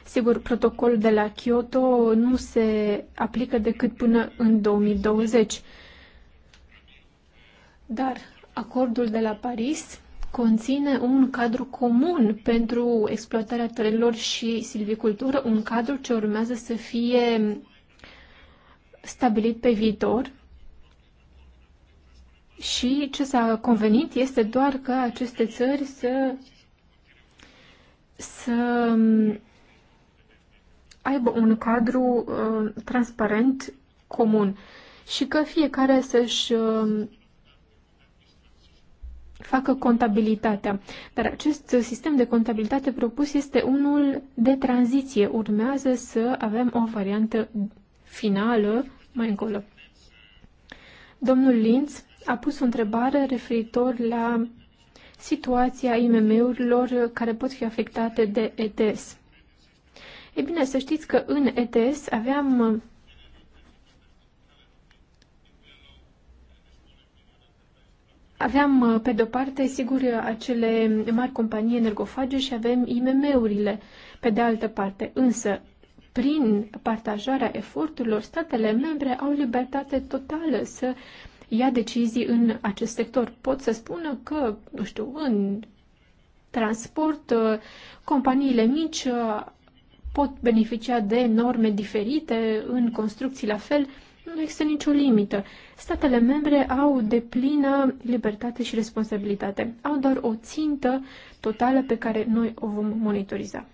Sigur, protocolul de la Kyoto nu se aplică decât până în 2020. Dar acordul de la Paris conține un cadru comun pentru exploatarea terenilor și silvicultură, un cadru ce urmează să fie stabilit pe viitor. Și ce s-a convenit este doar că aceste țări să, să aibă un cadru uh, transparent comun și că fiecare să-și uh, facă contabilitatea. Dar acest sistem de contabilitate propus este unul de tranziție. Urmează să avem o variantă finală mai încolo. Domnul Linz a pus o întrebare referitor la situația IMM-urilor care pot fi afectate de ETS. E bine, să știți că în ETS aveam Aveam, uh, pe de-o parte, sigur, acele mari companii energofage și avem IMM-urile, pe de altă parte. Însă, prin partajarea eforturilor, statele membre au libertate totală să ia decizii în acest sector. Pot să spună că, nu știu, în transport, uh, companiile mici uh, pot beneficia de norme diferite în construcții la fel, nu există nicio limită. Statele membre au de plină libertate și responsabilitate. Au doar o țintă totală pe care noi o vom monitoriza.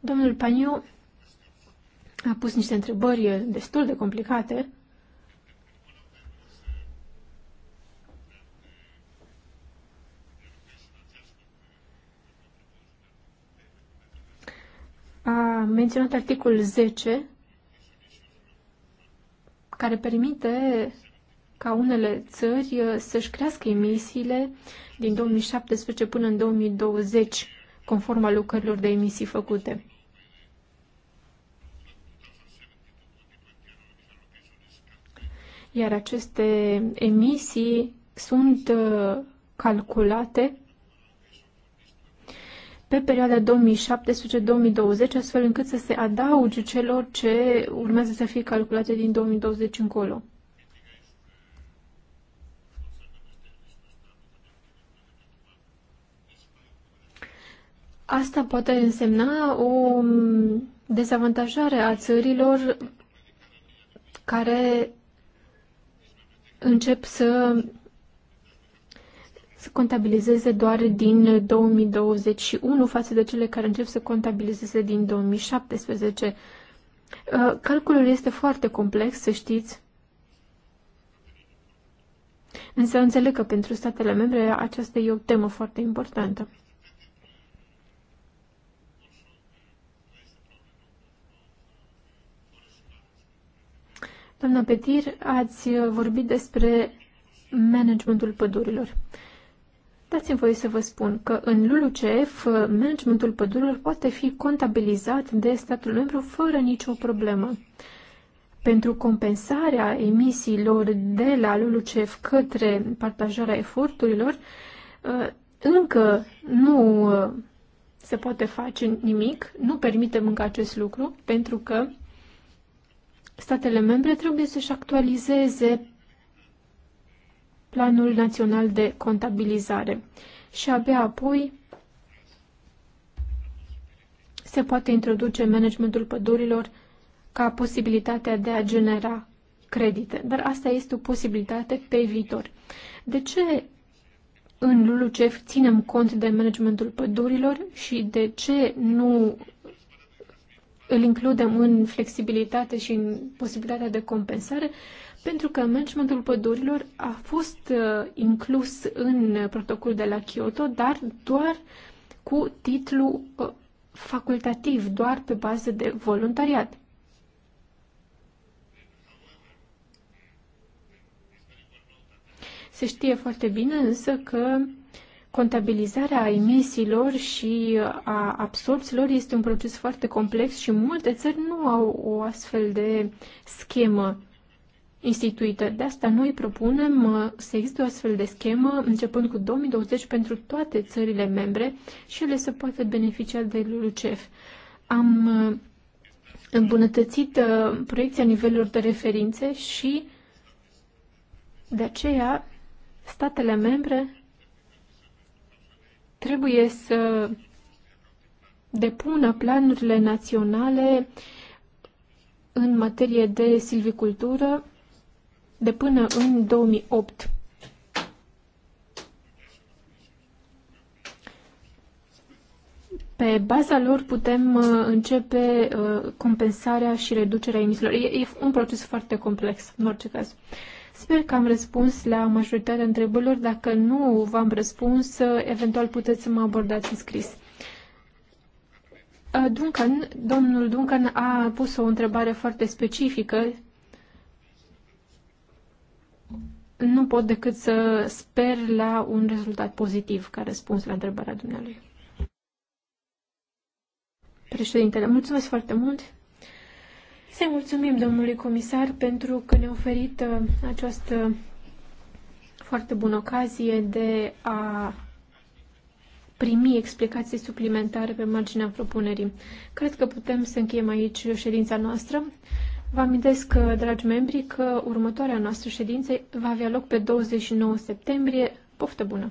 Domnul Paniu a pus niște întrebări destul de complicate. a menționat articolul 10 care permite ca unele țări uh, să-și crească emisiile din 2017 până în 2020 conform al de emisii făcute. Iar aceste emisii sunt uh, calculate pe perioada 2017-2020, astfel încât să se adauge celor ce urmează să fie calculate din 2020 încolo. Asta poate însemna o dezavantajare a țărilor care încep să să contabilizeze doar din 2021 față de cele care încep să contabilizeze din 2017. Uh, calculul este foarte complex, să știți. Însă înțeleg că pentru statele membre aceasta e o temă foarte importantă. Doamna Petir, ați vorbit despre managementul pădurilor. Dați-mi voie să vă spun că în LULUCF managementul pădurilor poate fi contabilizat de statul membru fără nicio problemă. Pentru compensarea emisiilor de la LULUCF către partajarea eforturilor, ă, încă nu ă, se poate face nimic, nu permitem încă acest lucru, pentru că statele membre trebuie să-și actualizeze Planul Național de Contabilizare. Și abia apoi se poate introduce managementul pădurilor ca posibilitatea de a genera credite, dar asta este o posibilitate pe viitor. De ce în LULUCEF ținem cont de managementul pădurilor și de ce nu îl includem în flexibilitate și în posibilitatea de compensare? pentru că managementul pădurilor a fost uh, inclus în uh, protocolul de la Kyoto, dar doar cu titlu uh, facultativ, doar pe bază de voluntariat. Se știe foarte bine însă că contabilizarea emisiilor și a absorbțiilor este un proces foarte complex și multe țări nu au o astfel de schemă instituită. De asta noi propunem uh, să existe o astfel de schemă începând cu 2020 pentru toate țările membre și ele să poată beneficia de LULUCEF. Am uh, îmbunătățit uh, proiecția nivelurilor de referințe și de aceea statele membre trebuie să depună planurile naționale în materie de silvicultură de până în 2008. Pe baza lor putem uh, începe uh, compensarea și reducerea emisiilor. E un proces foarte complex, în orice caz. Sper că am răspuns la majoritatea întrebărilor. Dacă nu v-am răspuns, uh, eventual puteți să mă abordați în scris. Duncan, domnul Duncan a pus o întrebare foarte specifică nu pot decât să sper la un rezultat pozitiv ca răspuns la întrebarea dumnealui. Președintele, mulțumesc foarte mult! Să mulțumim domnului comisar pentru că ne-a oferit uh, această foarte bună ocazie de a primi explicații suplimentare pe marginea propunerii. Cred că putem să încheiem aici ședința noastră. Vă amintesc, uh, dragi membri, că următoarea noastră ședință va avea loc pe 29 septembrie. Poftă bună!